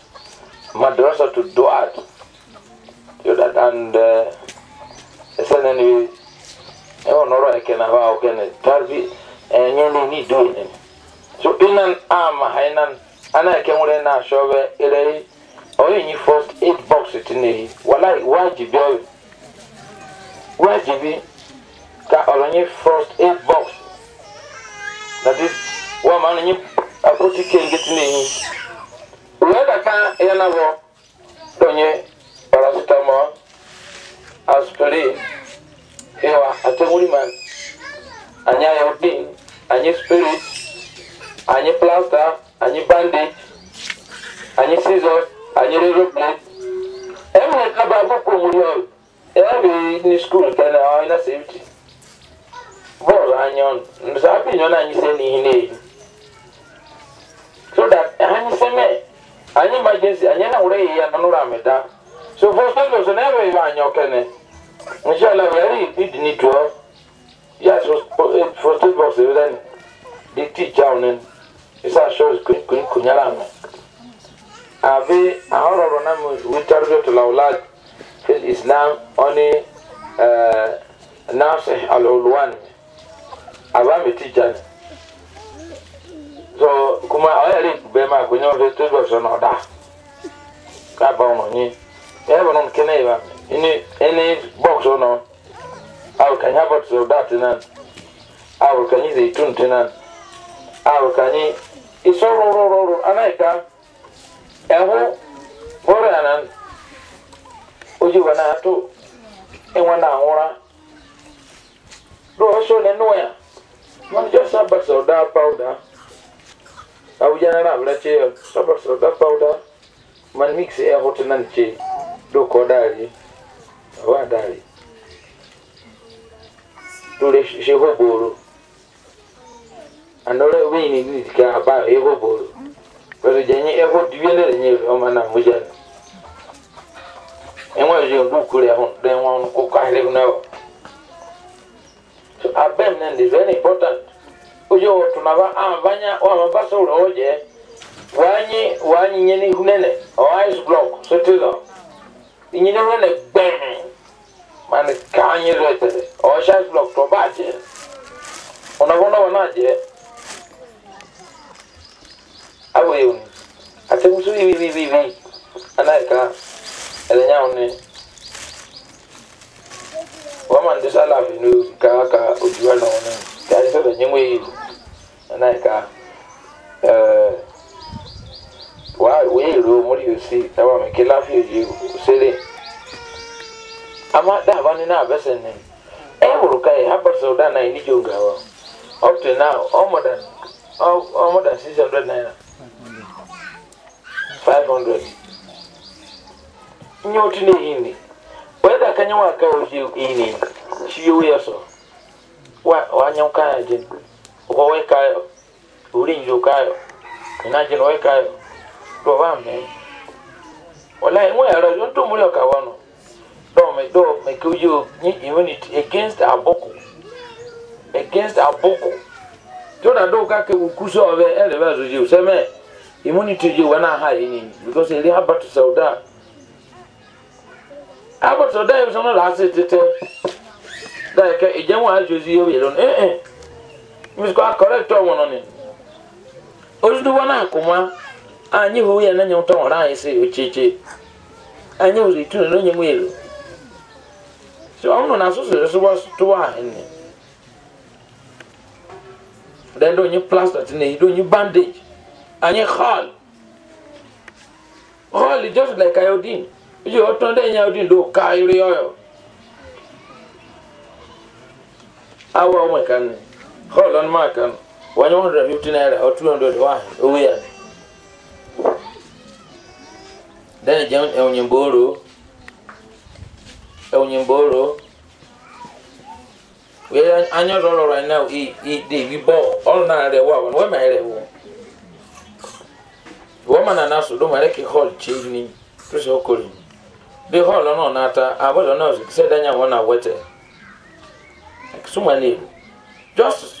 madrasa to du'at yo that and I I said esenen know e won e can have ba o kene tarbi you e nyende ni do it. so in an arm, inan ama hainan ana ke mure na shobe ile o yin first aid box tini wallahi wajibi wajibi ka olonye first aid box that is wa man ni apotike ngitini umeweka yanavyo kwenye paracetamol aspirin hewa muriman anye iodine anye spirit anye plaster anye bandage anye scissors anye razor blade emwe kaba boko muri oyo ebi ni school kene awo ina safety bọọlụ anya ọnụ nsa abịa inyọ na anyị se n'ihi na-eyi so that anyị se mee anyị emergency anyị eh, na wụrụ eyi ya na nụrụ amịda so fọsọsọ so na ebe ibe anyị ọkene nshala were idi ni tụọ ya fọsọsọ bọks ebere ni di ticha ọnụ isa shọs kunyere amị abi ahọrọrọ na m witar jotu laulad fil islam ọnị nafsi alulwan abami ticha ni so kuma ọyọ lè bẹ máa gbé nyọmọ fẹ tó bọ sọ náà dà káàbọ onye yín ẹ bọ náà kẹne yìí wa ọ náà àwọn kànyi abọtí sọ dàtí náà àwọn kànyi zèyí tuntun náà àwọn kànyi ìsọ rọrọrọrọ anáyíká na ya abujana na abula sabar sauta fauda man mix ya hot nan do ko dare wa dare tore shehu boro anore wini ni ka ba eho boro pero jenye eho diwele nye oma na mujana enwa je ngukure hon den wa ko ka hele na so abem nan is very important yo tumaba ambanya o amabasa uroje wanyi wanyi nyeni hunene o ice block so tilo nyeni hunene Bang man kanyi rete o ice block to baje ona bona wanaje awo yoni atemsu ibi ibi ibi anaika elenya one wamandisa lafi nu kaka ojuwa na one tayari sasa nyemwe hivi anaika uh, wa weero muri yosi taba me kila fi yi sele ama da ba ni na besen ne e wuru kai habar so da na ni jogawa up to now omodan omodan 600 naira 500 nyotu ne yini weda kanya wa ka oje yini shi yo yeso wa wa nyon kan ajin owe kayo ulinzi ukayo inajino we kayo do vame wallahi mo yaro yo ntu muri okawono do me do me kuju ni immunity against aboko against aboko tona do ka ke ukuso ove ele bazo ji useme immunity ji wana hali nini because ele haba to sauda haba to sauda yo sono la se tete da ke ejemo ajozi yo yelo eh, eh. mizikwa akọrọ ịtọ nwụrụ ni ozuduwa na akụma anyi hụ ya na-enye ụtọ nwere anyị si ocheche anyị hụrụ itu na onye nwe elu si ọnụ na asụsụ esụwa tụwa ahụ nne do onye plaster ti na-ehido onye bandage anyi hall hall just like iodine iji ọtọ ndị enye iodine do ka iri ọyọ awa ọmụ ka Hold on, Mark. And 150 naira or 200 wine. Oh, yeah. Then John Eonyemboro. Eonyemboro. We are an right now. Eat, eat, we all na The woman, women, the woman, na us, don't make a whole chimney. Chris O'Colin. The whole on Nata, I was Daniel, one hour. Like Just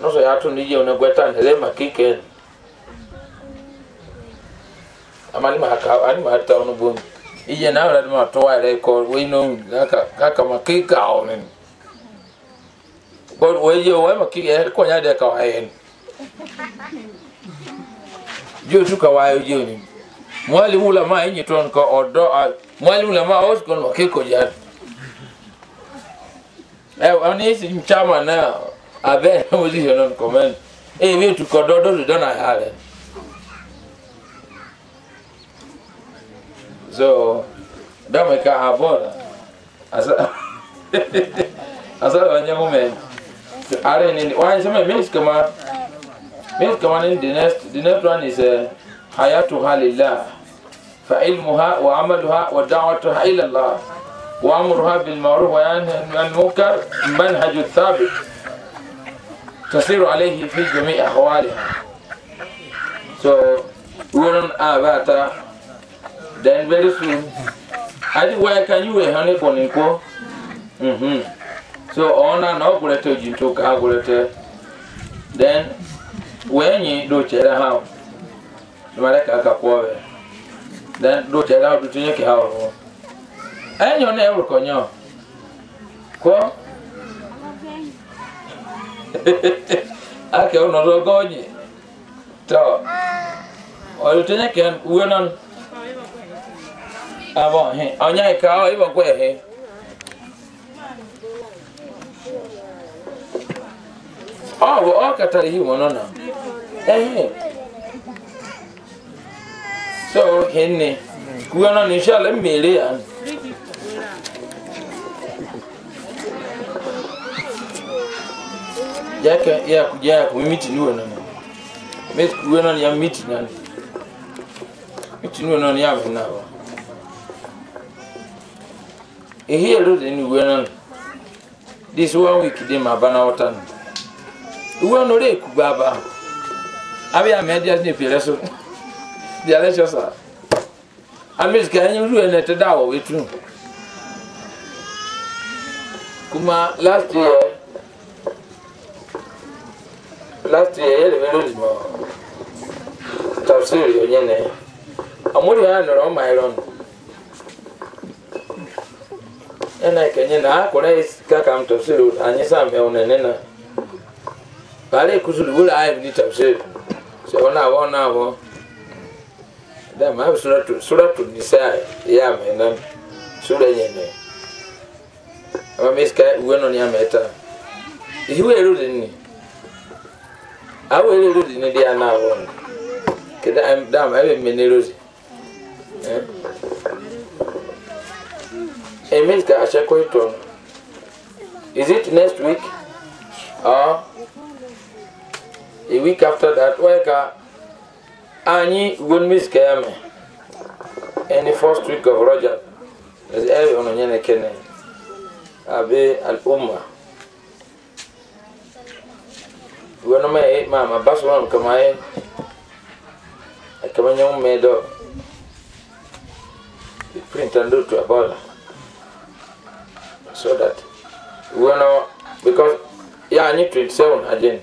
noso yatu nije unagweta ndelema kiken amani ani mahata ije na wala wino kaka kaka makika onen god weje wa makika ko nya tu mwali ula ma ko odo mwali ula os kon makiko ja eh mchama nao abe wosi yɛ non comment eye mi tu kɔ dɔdɔ do dɔn aha rɛ so dɔmi ka abɔ la asa asa la nyɛ mumɛ are ni wa n sɛmɛ mi kama mi kama ni the next the next one is uh, hayatu halila fa ilmuha wa amaluha wa da'watuha ila Allah wa amruha bil ma'ruf wa yanha anil munkar manhaj thabit tasiru alayhi fi jami ahwaliha so wurin abata then very soon adi why can you wait honey for mhm so ona na ogurete jinto ka then wenyi do chere ha malaka akakwowe then do chere ha ya ke ha enyo na erukonyo ko *laughs* ake ono to to oyo tenye ken abo he onya ka o ibo kwe he o katari hi wono na eh so henne kuwa ya jaka ya kuja ku miti nuwe nana meti kuwe nana ya miti nana miti nuwe nana ya vina wa ehi ero de ni uwe nana this one week de ma bana wata uwe no re ku baba abi ame *laughs* dia ni pere so dia le cho sa amis ka nyu ruwe na te wetu kuma last year last year yɛ lɛmɛ lori nɔ tafsir yɛ nyɛ nɛ amori hã nɔrɔ ɔma yɛ lɔnu ɛna yɛ kɛnyɛ na akɔrɔ yɛ sika kam tafsir anyi sá mɛ ɔnɛ nɛna baale kusuru wula ayɛ ni tafsir sɛ ɔna awɔ ɔna awɔ dɛ maa bi sura tu sura tu nisa yɛ amɛ nan sura nyɛ nɛ ama mi sika uwe nɔ ni amɛ ta ihiwe yɛ lori ni awo ele rodi ni di ana awo ni keda dam ebe mene rodi eh? emil ka aseko ito is it next week or ah. a week after that where ka anyi won miss kayame any first week of roger as everyone onye na kene abe al umma wani eh, mai mama ba su wani kama yi eh, a kama yan mai da the print and do to a so eh, oh, that wani because ya anyi 27 again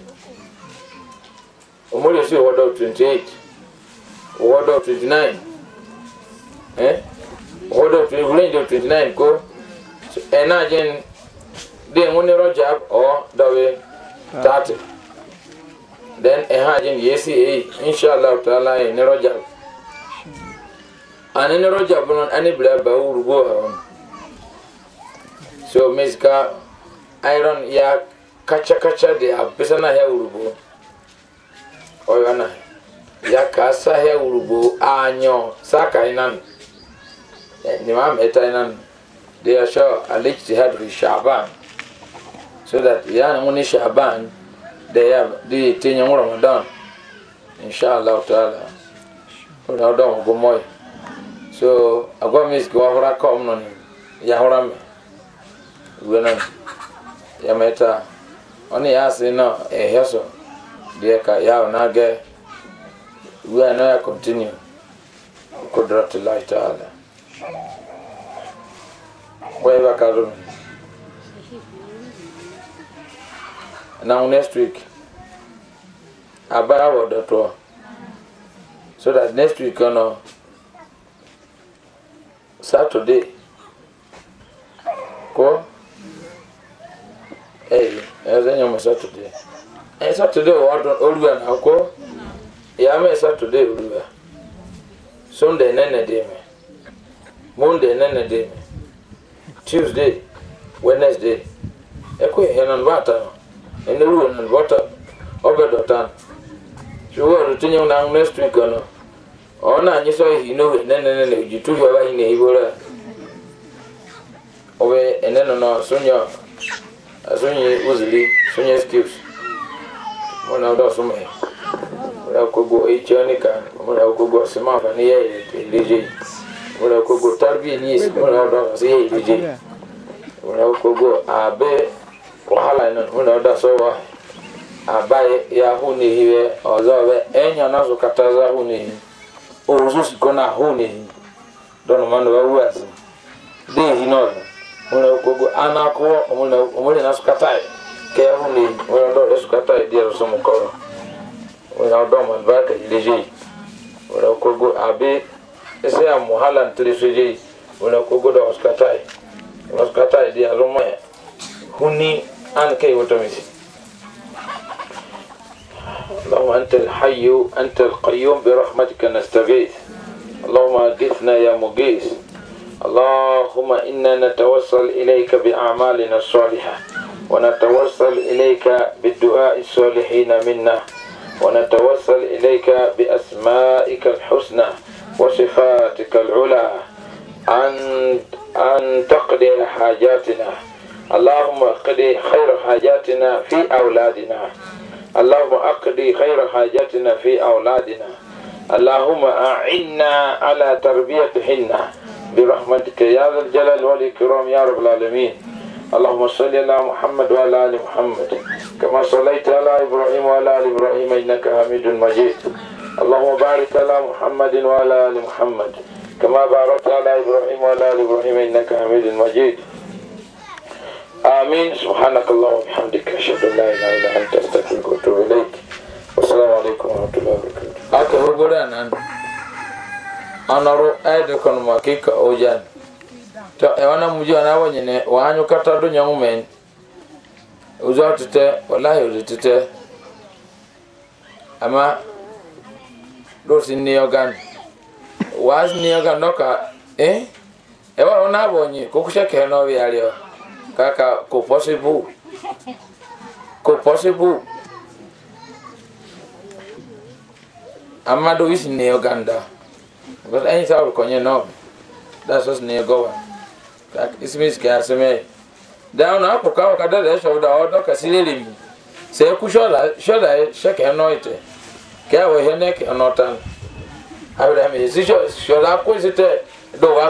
omori si wọ́dọ̀ 28 wọ́dọ̀ 29 eh wọ́dọ̀ 29 ko ẹ̀ náà jẹ́ ní dé ń wọ́n ní rọ́jà ọ́ dọ̀wé 30 then ɛha eh, agyin yɛsi eyi eh, inshallah taala yɛ eh, ne rɔjab ani ne rɔjab no ani bila ba wuru bo ha wɔn um. so mesika iron ya kacha-kacha de abisa na hɛ wuru bo ɔyɔ na ya ka sa hɛ wuru bo anyɔ saka ina no ne ma mɛ ta ina no de ahyɛ alejiti hadri shaban so that ya ne mu ne shaban. de ya di tinye nwụrụ ramadan inshallah taala ụra ọdọ ọgụ mọị so agwa m isi wa hụra kọm nọ ya hụra m uwe na ya meta ọ na ya asị nọ ehe so dị ka ya ọ na-aga uwe na ya kọntinu kudratulahi taala wee bakara m Now next week, I abara wọ dọtọ so that next week on nọ saturday kọ ẹyẹ ẹsẹ ẹnyẹ mọ saturday ẹ saturday wọ ọdún olúwa náà kọ ìyá mẹ saturday olúwa sunday nẹnẹ dé mi monday nẹnẹ dé mi tuesday wednesday ẹ kọ ìhẹn náà bá ɛnɛri wɔ mu bɔta ɔbɛ dɔtan sowó ɔdo tó nyɛ ŋunan next week ɔno ɔna anyi sɔ yi no hɛ nɛnɛnɛnɛ ojú tó bá yi na ibo rɛ ɔbɛ ɛnɛ nɔnɔ sonyɔ asonyi ozili sonyɛ skills wọn náà dọ̀ sọmọ yẹ wọn náà kó gbó eyín tíọ́ nìkan wọn náà kó gbó ọ̀sìn máa fà ní yẹ ìlẹ́jẹ̀ wọn náà kó gbó tábìlì ní ìsìn wọn náà dọ̀ sí yẹ ìlẹ́jẹ̀ wọn náà kó gbó abẹ́ wahala ino muna oda sowa abaye ya hunihi we ozowe enya nazo kataza hunihi ozo sikona hunihi dono mano wa uwazi dehi nozo muna ukogo anako muna umuli naso kataye ke hunihi muna odo esu kataye dia roso mukoro muna odo mazbaka ilejeyi muna ukogo abe ese ya muhala ntilisojeyi muna ukogo da wasu kataye wasu kataye dia romo huni أنا كي وتميزي اللهم أنت الحي أنت القيوم برحمتك نستغيث اللهم أغثنا يا مغيث اللهم إنا نتوصل إليك بأعمالنا الصالحة ونتوصل إليك بالدعاء الصالحين منا ونتوصل إليك بأسمائك الحسنى وصفاتك العلى أن أن تقضي حاجاتنا اللهم اقضي خير حاجاتنا في أولادنا اللهم اقضي خير حاجاتنا في أولادنا اللهم أعنا على تربيتهن برحمتك يا ذا الجلال والإكرام يا رب العالمين اللهم صل على محمد وعلى آل محمد كما صليت على إبراهيم وعلى آل إبراهيم إنك حميد مجيد اللهم بارك على محمد وعلى آل محمد كما باركت على إبراهيم وعلى آل إبراهيم إنك حميد مجيد آمين سبحانك اللهم وبحمدك أشهد أن لا إله إلا أنت أستغفرك وأتوب إليك والسلام عليكم ورحمة الله وبركاته أكبرنا anaro aide kono makika ojan to e wana muji ana wanyine wanyu kata do nyamu men uzo tete wallahi uzo tete ama do sinni yogan was ni yogan noka eh e wa ona bonyi kokusha keno bi alio kaka kò possible kò possible amado wisi ne uganda but anyi sa ko nye no that's us ne gowa kak ismis ka aseme down na ko ka ka da da show da odo ka silele mi se ku shola shola sheke no ite ka we hene ke no tan abraham isi shola ko ite do wa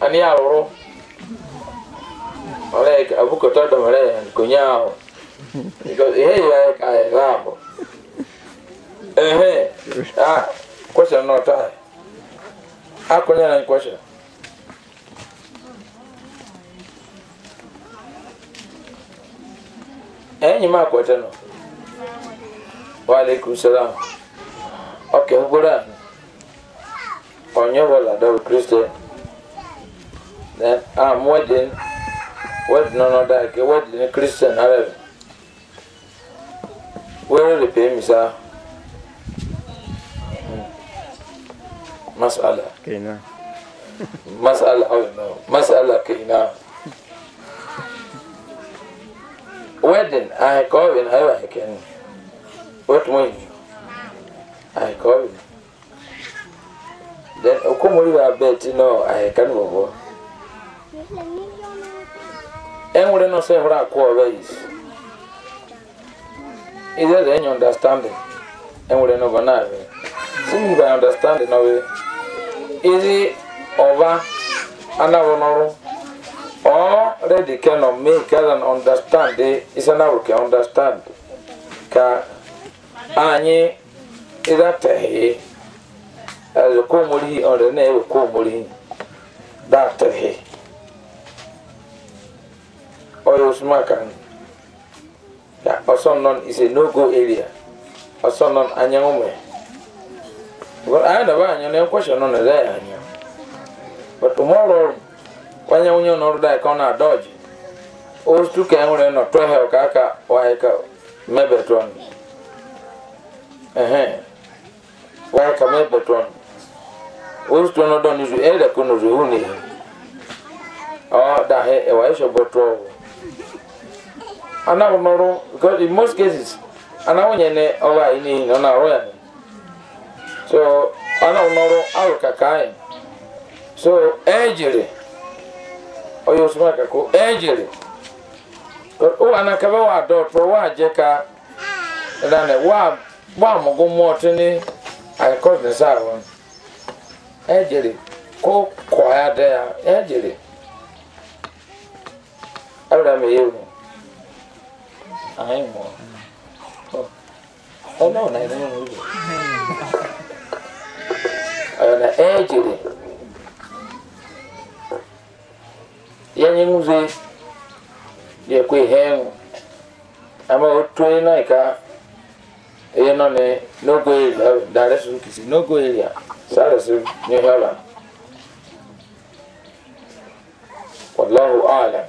ani awuro wale abukoto do wale konyao because hey eh, eh, wale eh, kai labo eh ah question not I ah konya na question eh nyima kwete no wa alaikum salam okay hubura onyo wala dawo kristo then am wedding wedding ọ̀nà dá ike wedding ni christian ara mi wẹ́rẹ́ lè pè mí sá masala kìnnà masala ọ̀nà masala kìnnà wedding àìkọ́ ọ̀bìn ayọ̀ àìkẹ́ni wẹ́tùmọ̀ yìí àìkọ́ ọ̀bìn then okòmọ́lì wà bẹ́ẹ̀ tí náà àìkẹ́ni wọ̀ bọ́. enwere no several core ways Is there any understanding enwere no banave since by understanding Is it over another no or ready can make an understand is an hour can understand ka anyị ịdataghị azụkọ omori ọrịa na-ewekọ omori datahị oyo sumakan ya osonnon is a no go area osonnon anyanwume but aya da ba anyo ne question nọ na ya anya. but tomorrow kwanya unyo ọrụ dị ka na dodge o ka enwere nọ no ka aka wa ka mebetron ehe wa ka mebetron o izu ele e hụ no ọ e ana ɔnɔrɔ because in most cases ana ɔnyɛ nɛ ɔba ayi ne yin ɔna ɔrɔ yɛ so ana ɔnɔrɔ aro kakaa yɛ so ɛɛgyere e ɔyɛ osoma kako ɛɛgyere e o ana kaba wa dɔtɔ wa agye ka ɛna nɛ wa wa amogo mɔɔte ne akɔ ne sa wɔn ɛɛgyere ko kɔɔ ya dɛ ya ɛɛgyere ɛwura mi yɛ wɔn. Ay mo. Oh. Oh no, na ina yung ulo. na, eh, jiri. Yan yung uze. Di ako Ama otu ina ika. na ne, no go area, dare su kisi, no go area. Sare su, nyo hela. Wallahu alam.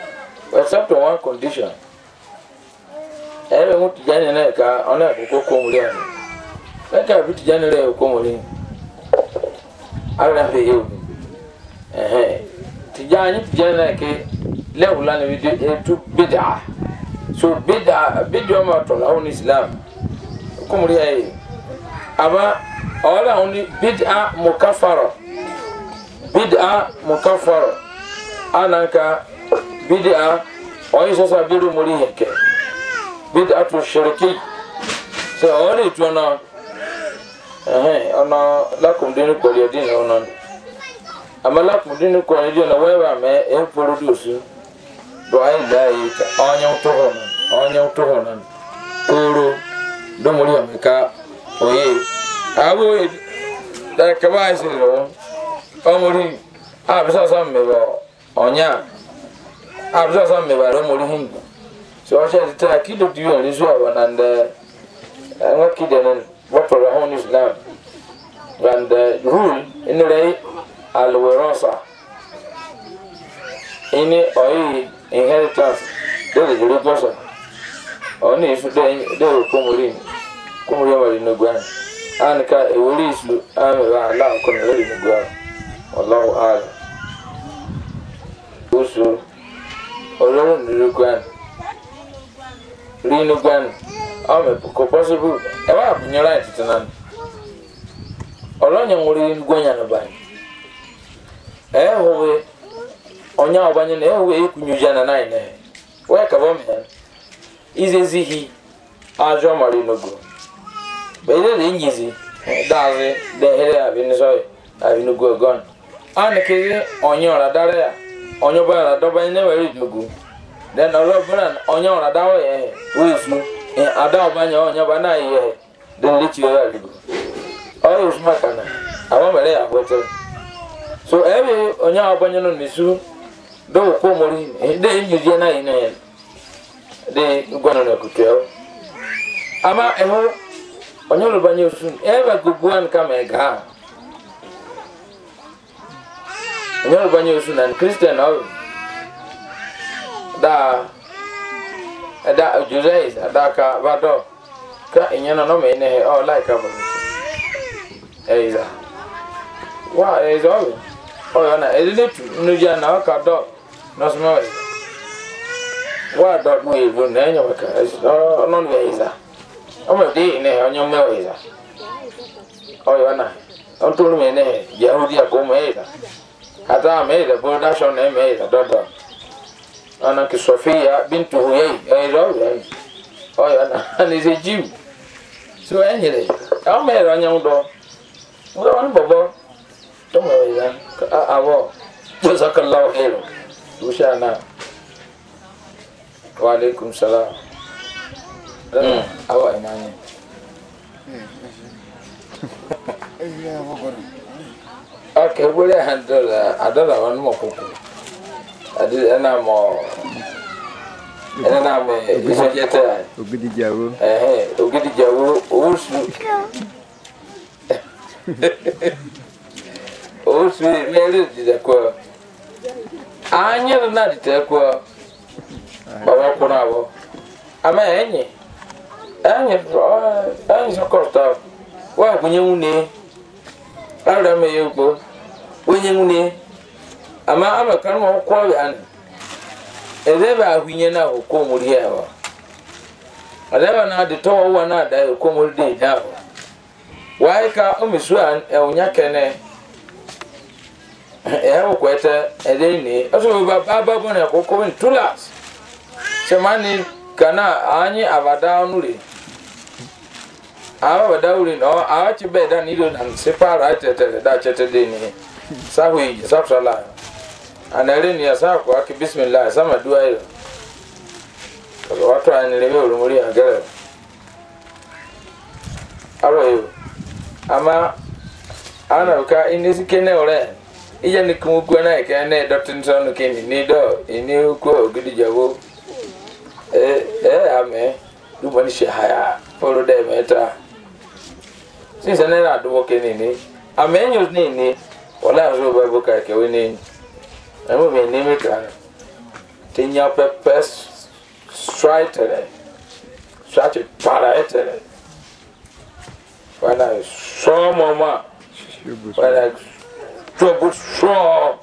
except on one condition ẹ̀rẹ̀ mu tìjànì náà ká ọ̀nà àkókò kòmùrì àná mẹ́ta àbí tìjànì rẹ̀ ò kòmùrì ara fẹ̀ yẹ òbí tìjànì tìjànì náà ké lẹ́wù lánàá bi dé bídà so bídà bídà ọmọ àtọ̀lá ọ̀hún islam kòmùrì ayé àmà ọ̀hún àwọn ni bídà mọ̀káfàrọ̀ bídà mọ̀káfàrọ̀ ànàkà bid'a oyi sasa biru muri yake bid'atu tu so ori tuna eh ona lakum dinu ko ya dinu ona ama lakum dinu ko ya dinu wewa me e produce do ai dai ta onyo to hono onyo to hono koro do muri ameka oye abo da kaba isiro omuri a bisa sa me onya abuja sa mebare muri hingu so ɔhyɛ tete akido di wɔn nso a wɔnan dɛ ɛwɔ kide no wɔpɔlɔ ho no islam and the rule nire alwerosa ini ɔyi inheritance de de jere gbɔsɔ ɔne isu de de o komori komori wɔ inu gua anika ewuri isu ameba ala nkɔnɔ wɔ inu gua o ala osu. olówó nínú gbanu nínú gbanu ebe a pọ́sibú ẹ wá na láì tuntun náà nwere ńwúrí gbọ́nyà nìbà ẹ hùwé onye ọbanye na ẹ e hùwé ekunyoja na náà nẹ wẹ́ẹ̀ kàbọ́ mìíràn izezighi ajọ mọ̀rí nogo bẹ́ẹ̀ nyizi dáadé dẹ́hẹ́rẹ́ àbínú onye ọbụla na-adọba nye nwere ijogu then ọrụ ọbụla onye ọrụ adawa ya wezu ada ọbanye onye na e ihe dị nlechi ya ọrụ ofu maka na agba ya so ebe onye ọbanye nọ n'isu dọwụ ụmụrụ ndị na ihe ya dị gwanụ na ama ịhụ onye ọrụ banye osu ebe kama ị gaa nyɛ bubanye osu na kristian ɔyɔ daa ɛda joseis adaka vadɔ ka enyana nɔmɛ yi nɛhɛ ɔ lai ka bɔn ɛyiza wa ɛyiza ɔyɔ ɔyɔ na ɛdini tu nnudia na ɔka dɔ nɔsumɛ ɔyɔ wa dɔ mu ebu na ɛnyɛ wɛka ɔnɔnu ɛyiza ɔmɛ de yi nɛhɛ ɔnyɔmɛ ɔyiza ɔyɔ na ɔntɔnumɛ nɛhɛ yahudi akɔmɔ ɛyiza ata mei da boda shon ne mei da dodo ana ki sofia bintu huyei ei ro yei o ya na ani se jiu so enyere a mei ro nyang do mo wan bobo to mo ya a awo jazakallahu khair ushana wa alaikum salam hmm. awa imani Yeah, hmm, *laughs* we're aka egbere ha dọla adọla wọn mọ koko adi ẹna mọ na mọ ìsọjẹtẹ ogidijawo ẹhẹ ogidijawo owusu owusu mẹrin dìde kọ anyere na dìde kọ bàbá kúrò àwọ àmà ẹnyẹ ẹnyẹ ahụra m ya onye nwunye ama amakara m ọkwụkwọ ya edebe ahụnye na okomori ya wa adaba na adịtọ ụwa na ada okomori ya wa waye ka o mesu a ewunya kene ɛyɛ kwɛtɛ ɛdɛ ne ɔsɔ bɛ ba ba bɔ sɛmani gana anyi abada ɔnu awa ba daure no awa ci be dan ido dan se fara tete da tete de ni sahu yi safsala anare ni asa ko aki bismillah sama duwa yo ko wato an le yo rumuri agara aro yo ama ana ka ini sikene ore ije ni kumu kwa na ke ne dotin sonu kini ni do ini ko gidi jawo eh eh ame du bani shahaya poro de meta since ɛnɛ la aduwo ke nini ame enyo nini wala yɛn so bible ka ke we nini ɛmu mi Then ka te nya pɛpɛ sra etɛlɛ sra te para etɛlɛ wala sɔɔ mɔmɔ wala sɔbu sɔɔ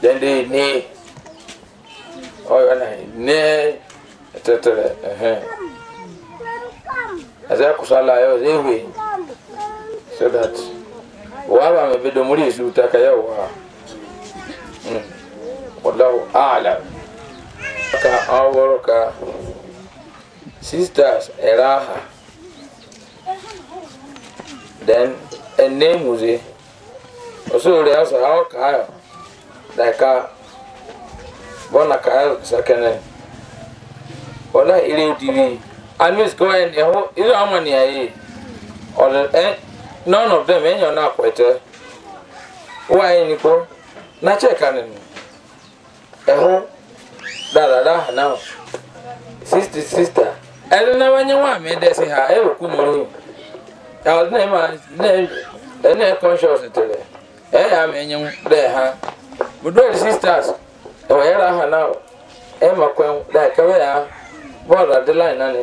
dende ni ɔyɔ na ne etɛtɛlɛ ɛhɛn. ɛsɛ kusala yɛ ɔsɛ ewe so that wàhálà mi bi do mo rí èsì wuta ka yẹ wà hmm. wàlláhu àlà ka ɔwɔrɔ ka sisters ɛrɛ aha then ɛnɛ muze ɔsoro yɛ sɛ awɔ kaayɔ daka bɔna kaayɔ sakɛnɛ wàlláhi eré dibi. always go and ɛho ɛyɛ ama ne ayɛ ɔde ɛ none of them ɛnyɛ ɔno akɔɛtɛ wɔayɛ nipo n'akyɛ ka ne no ɛho na eh, sister sista sista eh, ɛde na wanyɛ wɔn amee dɛ si ha ɛyɛ oku mu no ɛwɔ de na ɛma ɛna ɛna conscious tɛlɛ ɛyɛ ama ɛnyɛ mu dɛ ha budoɛ sisters ɛwɔ yɛrɛ hana ɛma kwan dɛ kɛwɛ ya bɔɔlu adi line na ne.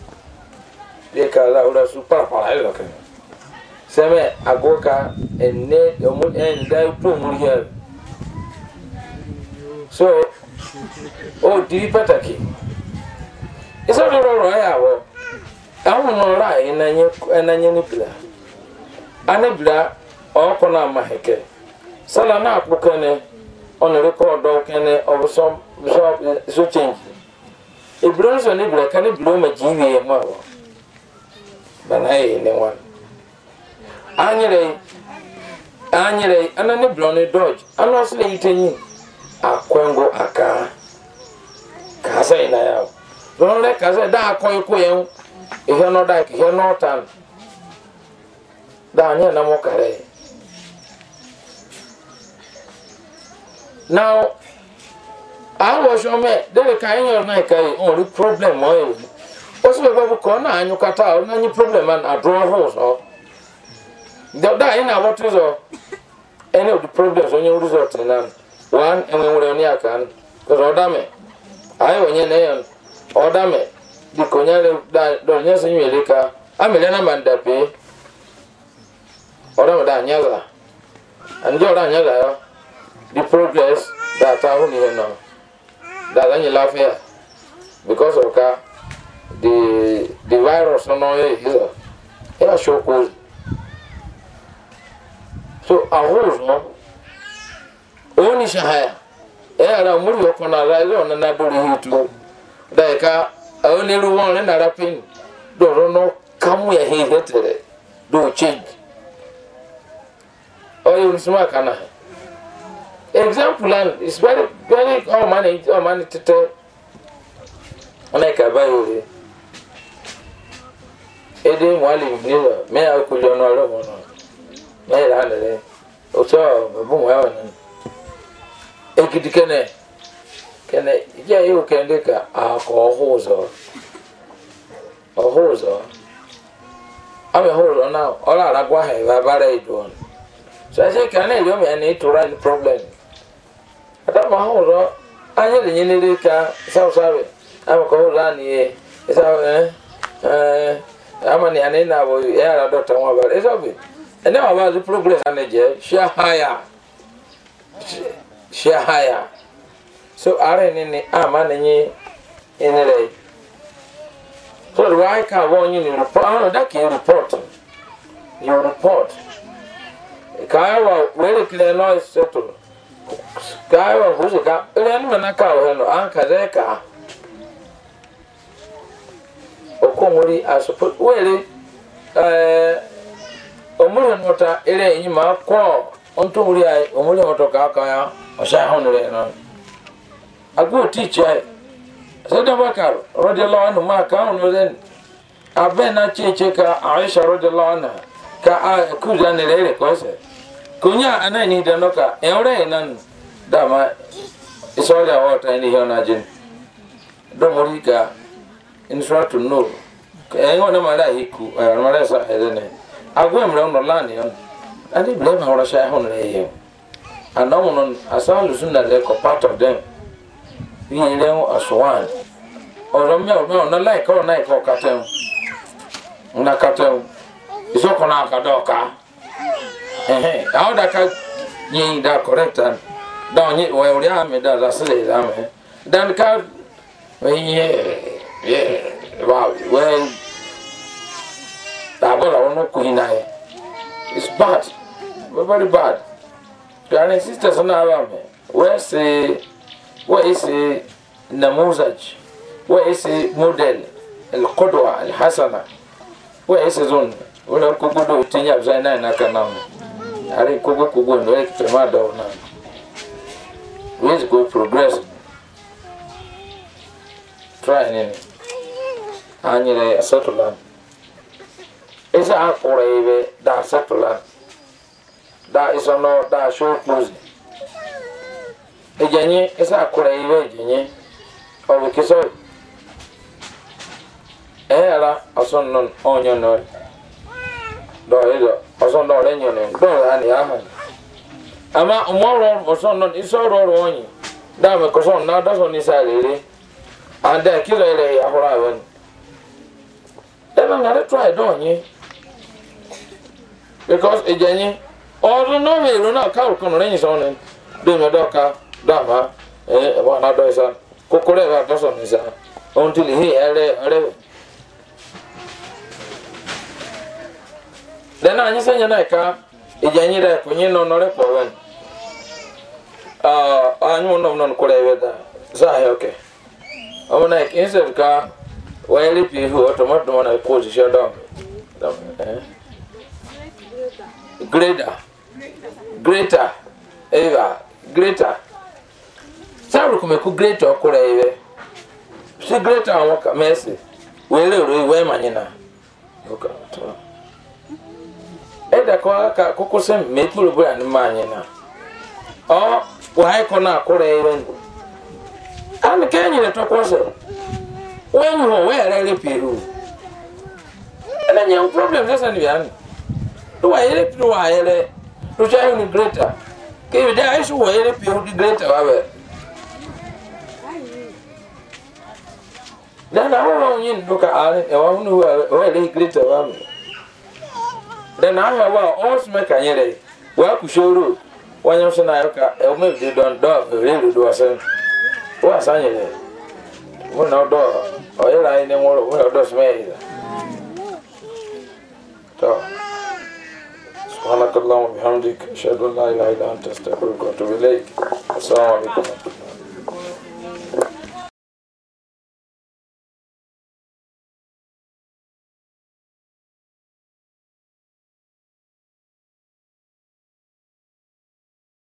dịka laura super para la kan sɛmɛ agoka ene ɔmo ndị da to mu yɛ so o diri pàtàkì isɔri rɔrɔ yɛ awɔ ɛhun ahụ ɛnanyɛ ɛnanyɛ ne bila ane bila ɔkɔ na ama sala na akpo kɛnɛ ɔnere kɔ ɔdɔ kɛnɛ ɔbɛsɔ bɛsɔ so change nanaye ne wan anyere anyere ana ne blonde dodge ana asile yitenyi akwengo aka kasa ina ya blonde kasa da akoy ko yen ihe no da ihe no tan da anya na mo kare now awo shome ka kayo na kai on problem oyo osi bɛ bɛbi kɔn na anyi kata o na anyi problem an adron ho so dɔda anyi na abɔto so ɛna odi problem so onye result na wan ɛnwe nwere ne aka no kɔsɔ ɔda mɛ ayɛ onye na ɛyɛ ɔda mɛ di konya le da dɔn nyɛ so nyi ele ka amele na ma da pe ɔda mɛ da anya la anjɛ ɔda anya la yɔ di progress da ata ho ni yɛ nɔ da la nyi lafiya because of ka. the the virus no yɛ uh, here yɛ ahyɛ cold so ahoos no wɔn ni hyɛ ha yɛ ɛyɛ ara wɔn mu yɛ kɔn ara yɛ na do rehi tu da yɛ ka ɛwɔ ne ru wɔn ne nara pin do ɔno no kamu yɛ hɛ hɛ do change ɔyɛ nsuo aka na example and it's very very ɔman ɔman tete ɔna yɛ ka ba yɛ ede mwali ibnira me akujo no ro mono me ra lele oso bu mwa wana ekiti kene kene ya yo kende ka ako hozo ohozo ame hozo na ola ara gwa he ba bare idon so ese kene yo problem ata ma ka ama ni ane na bo yara dɔta ŋo ba ɛsɛ bi ɛnɛ wa ba zu progress ane jɛ shia haya share haya so are ni ni ama ni ni ene re so do I ka wo nyi ni report ano da ki report you report ka wa wele kile noise settle ka wa huzi ka ele ni mana ka wa heno an ka ze ka okunwuli asopot wele eh, omuli n'ota ile enyima ko ontuwuli ai omuli mota kaka ya oshahonule no agu teacher ai sada bakar radiyallahu anhu ma ka onu zen abena cheche ka aisha radiyallahu anha ka a kuza ne lele ko se kunya anani da noka eure nan dama isola wata ni hona jin don muri ka Eh, eh, in suratu nur ẹ̀yin wọn náà máa láàyè ku ẹ̀rọ máa lẹ́sà ẹ̀dẹ́ nẹ agbó ẹ̀mìrẹ́ ọ̀nà láàánì ọ̀nà adé bìlẹ̀ máa wọ́n ṣe ẹ̀hún rẹ̀ yẹ àná wọn nọ asáàlù sún nà lẹ́kọ̀ part of them yìí ní lẹ́hún àṣùwọ̀n ọ̀rọ̀ mẹ́wọ̀n mẹ́wọ̀n náà láìka ọ̀nà ìkọ̀ kàtẹ́wọ̀n ńlá kàtẹ́wọ̀n ìṣọ̀kan náà kàdá ọ̀ka ẹ̀hẹ́n àwọn dàka yìí dà correct am dà wọ́n yẹ wọ́n yẹ wọ́n yẹ àmì dà lásìlẹ̀ ìlànà dàn ká ẹ̀yẹ. Yeah, wow, when that wanna queen I, It's bad. Very bad. There are sisters on our Where is a uh, where is a uh, namuzaj? Where is a uh, model? القدوة الحسنة وإيسي زون ولا كوكو دو تينيا بزاينا ناكا نام أري كوكو كوكو نو إيك تما دو نام ويز كو progress try anything anyere setulan isa ịsa kura ebe da setulan da isono da show close ejenye ịsa a ebe ibe ejenye ọbụ kisọ ehera ọsọ nọ onye nọ dọ ịdọ ọsọ nọ ọrịa nyere dọrọ ha na ya ama ụmụ ọsọ nọ isi ọrụ ọrụ onye daa mekọsọ na adọsọ n'isa rere ada kilo ere ya hụrụ abụọ na ngare try do nye because e jenye oru no we ru na ka ko no nyi so ne do me do ka da ba e e wa na do isa kokore ba do so ni sa on ti hi ere ere den anyi se nya na e ka e jenye da ko nyi no no re po wen ah anyi mo no no ko re we da za he okay awon na ke se ka wayeli pi ho to na ko jisho do greater greater eva greater saru kuma ku greater okura ebe si greater awon ka mercy wele ro iwe manyina oka to eda ko ka koko se me pulu manyina o wa na akura ebe ani kenyi le wẹ́n wọ̀ wẹ́n yẹrẹ yẹrẹ pèrè o ẹnna nyɛ problem sɛ sani bia no do wa yɛrɛ pèrè wa yɛrɛ do kyɛ ayɛ greater kébi dɛ ayɛ so wɔ yɛrɛ pèrè di greater wa bɛ dɛn awo wɔn nyi do ka are ɛwɔ ho no wɔ yɛrɛ greater wa bɛ dɛn ahɛ wa ɔs mɛ ka yɛrɛ wa kusoro wɔn nyɛ so na ayɛ ka ɛwɔ mɛ bi dɔn do bɛrɛ do do wa sɛ wa san yɛrɛ mo na dɔn. Oh, yeah, I didn't want to do this. So, Swanaka Long, Hamdi, Shadow Lai, Lai, Lantas, that we've got to relate. So,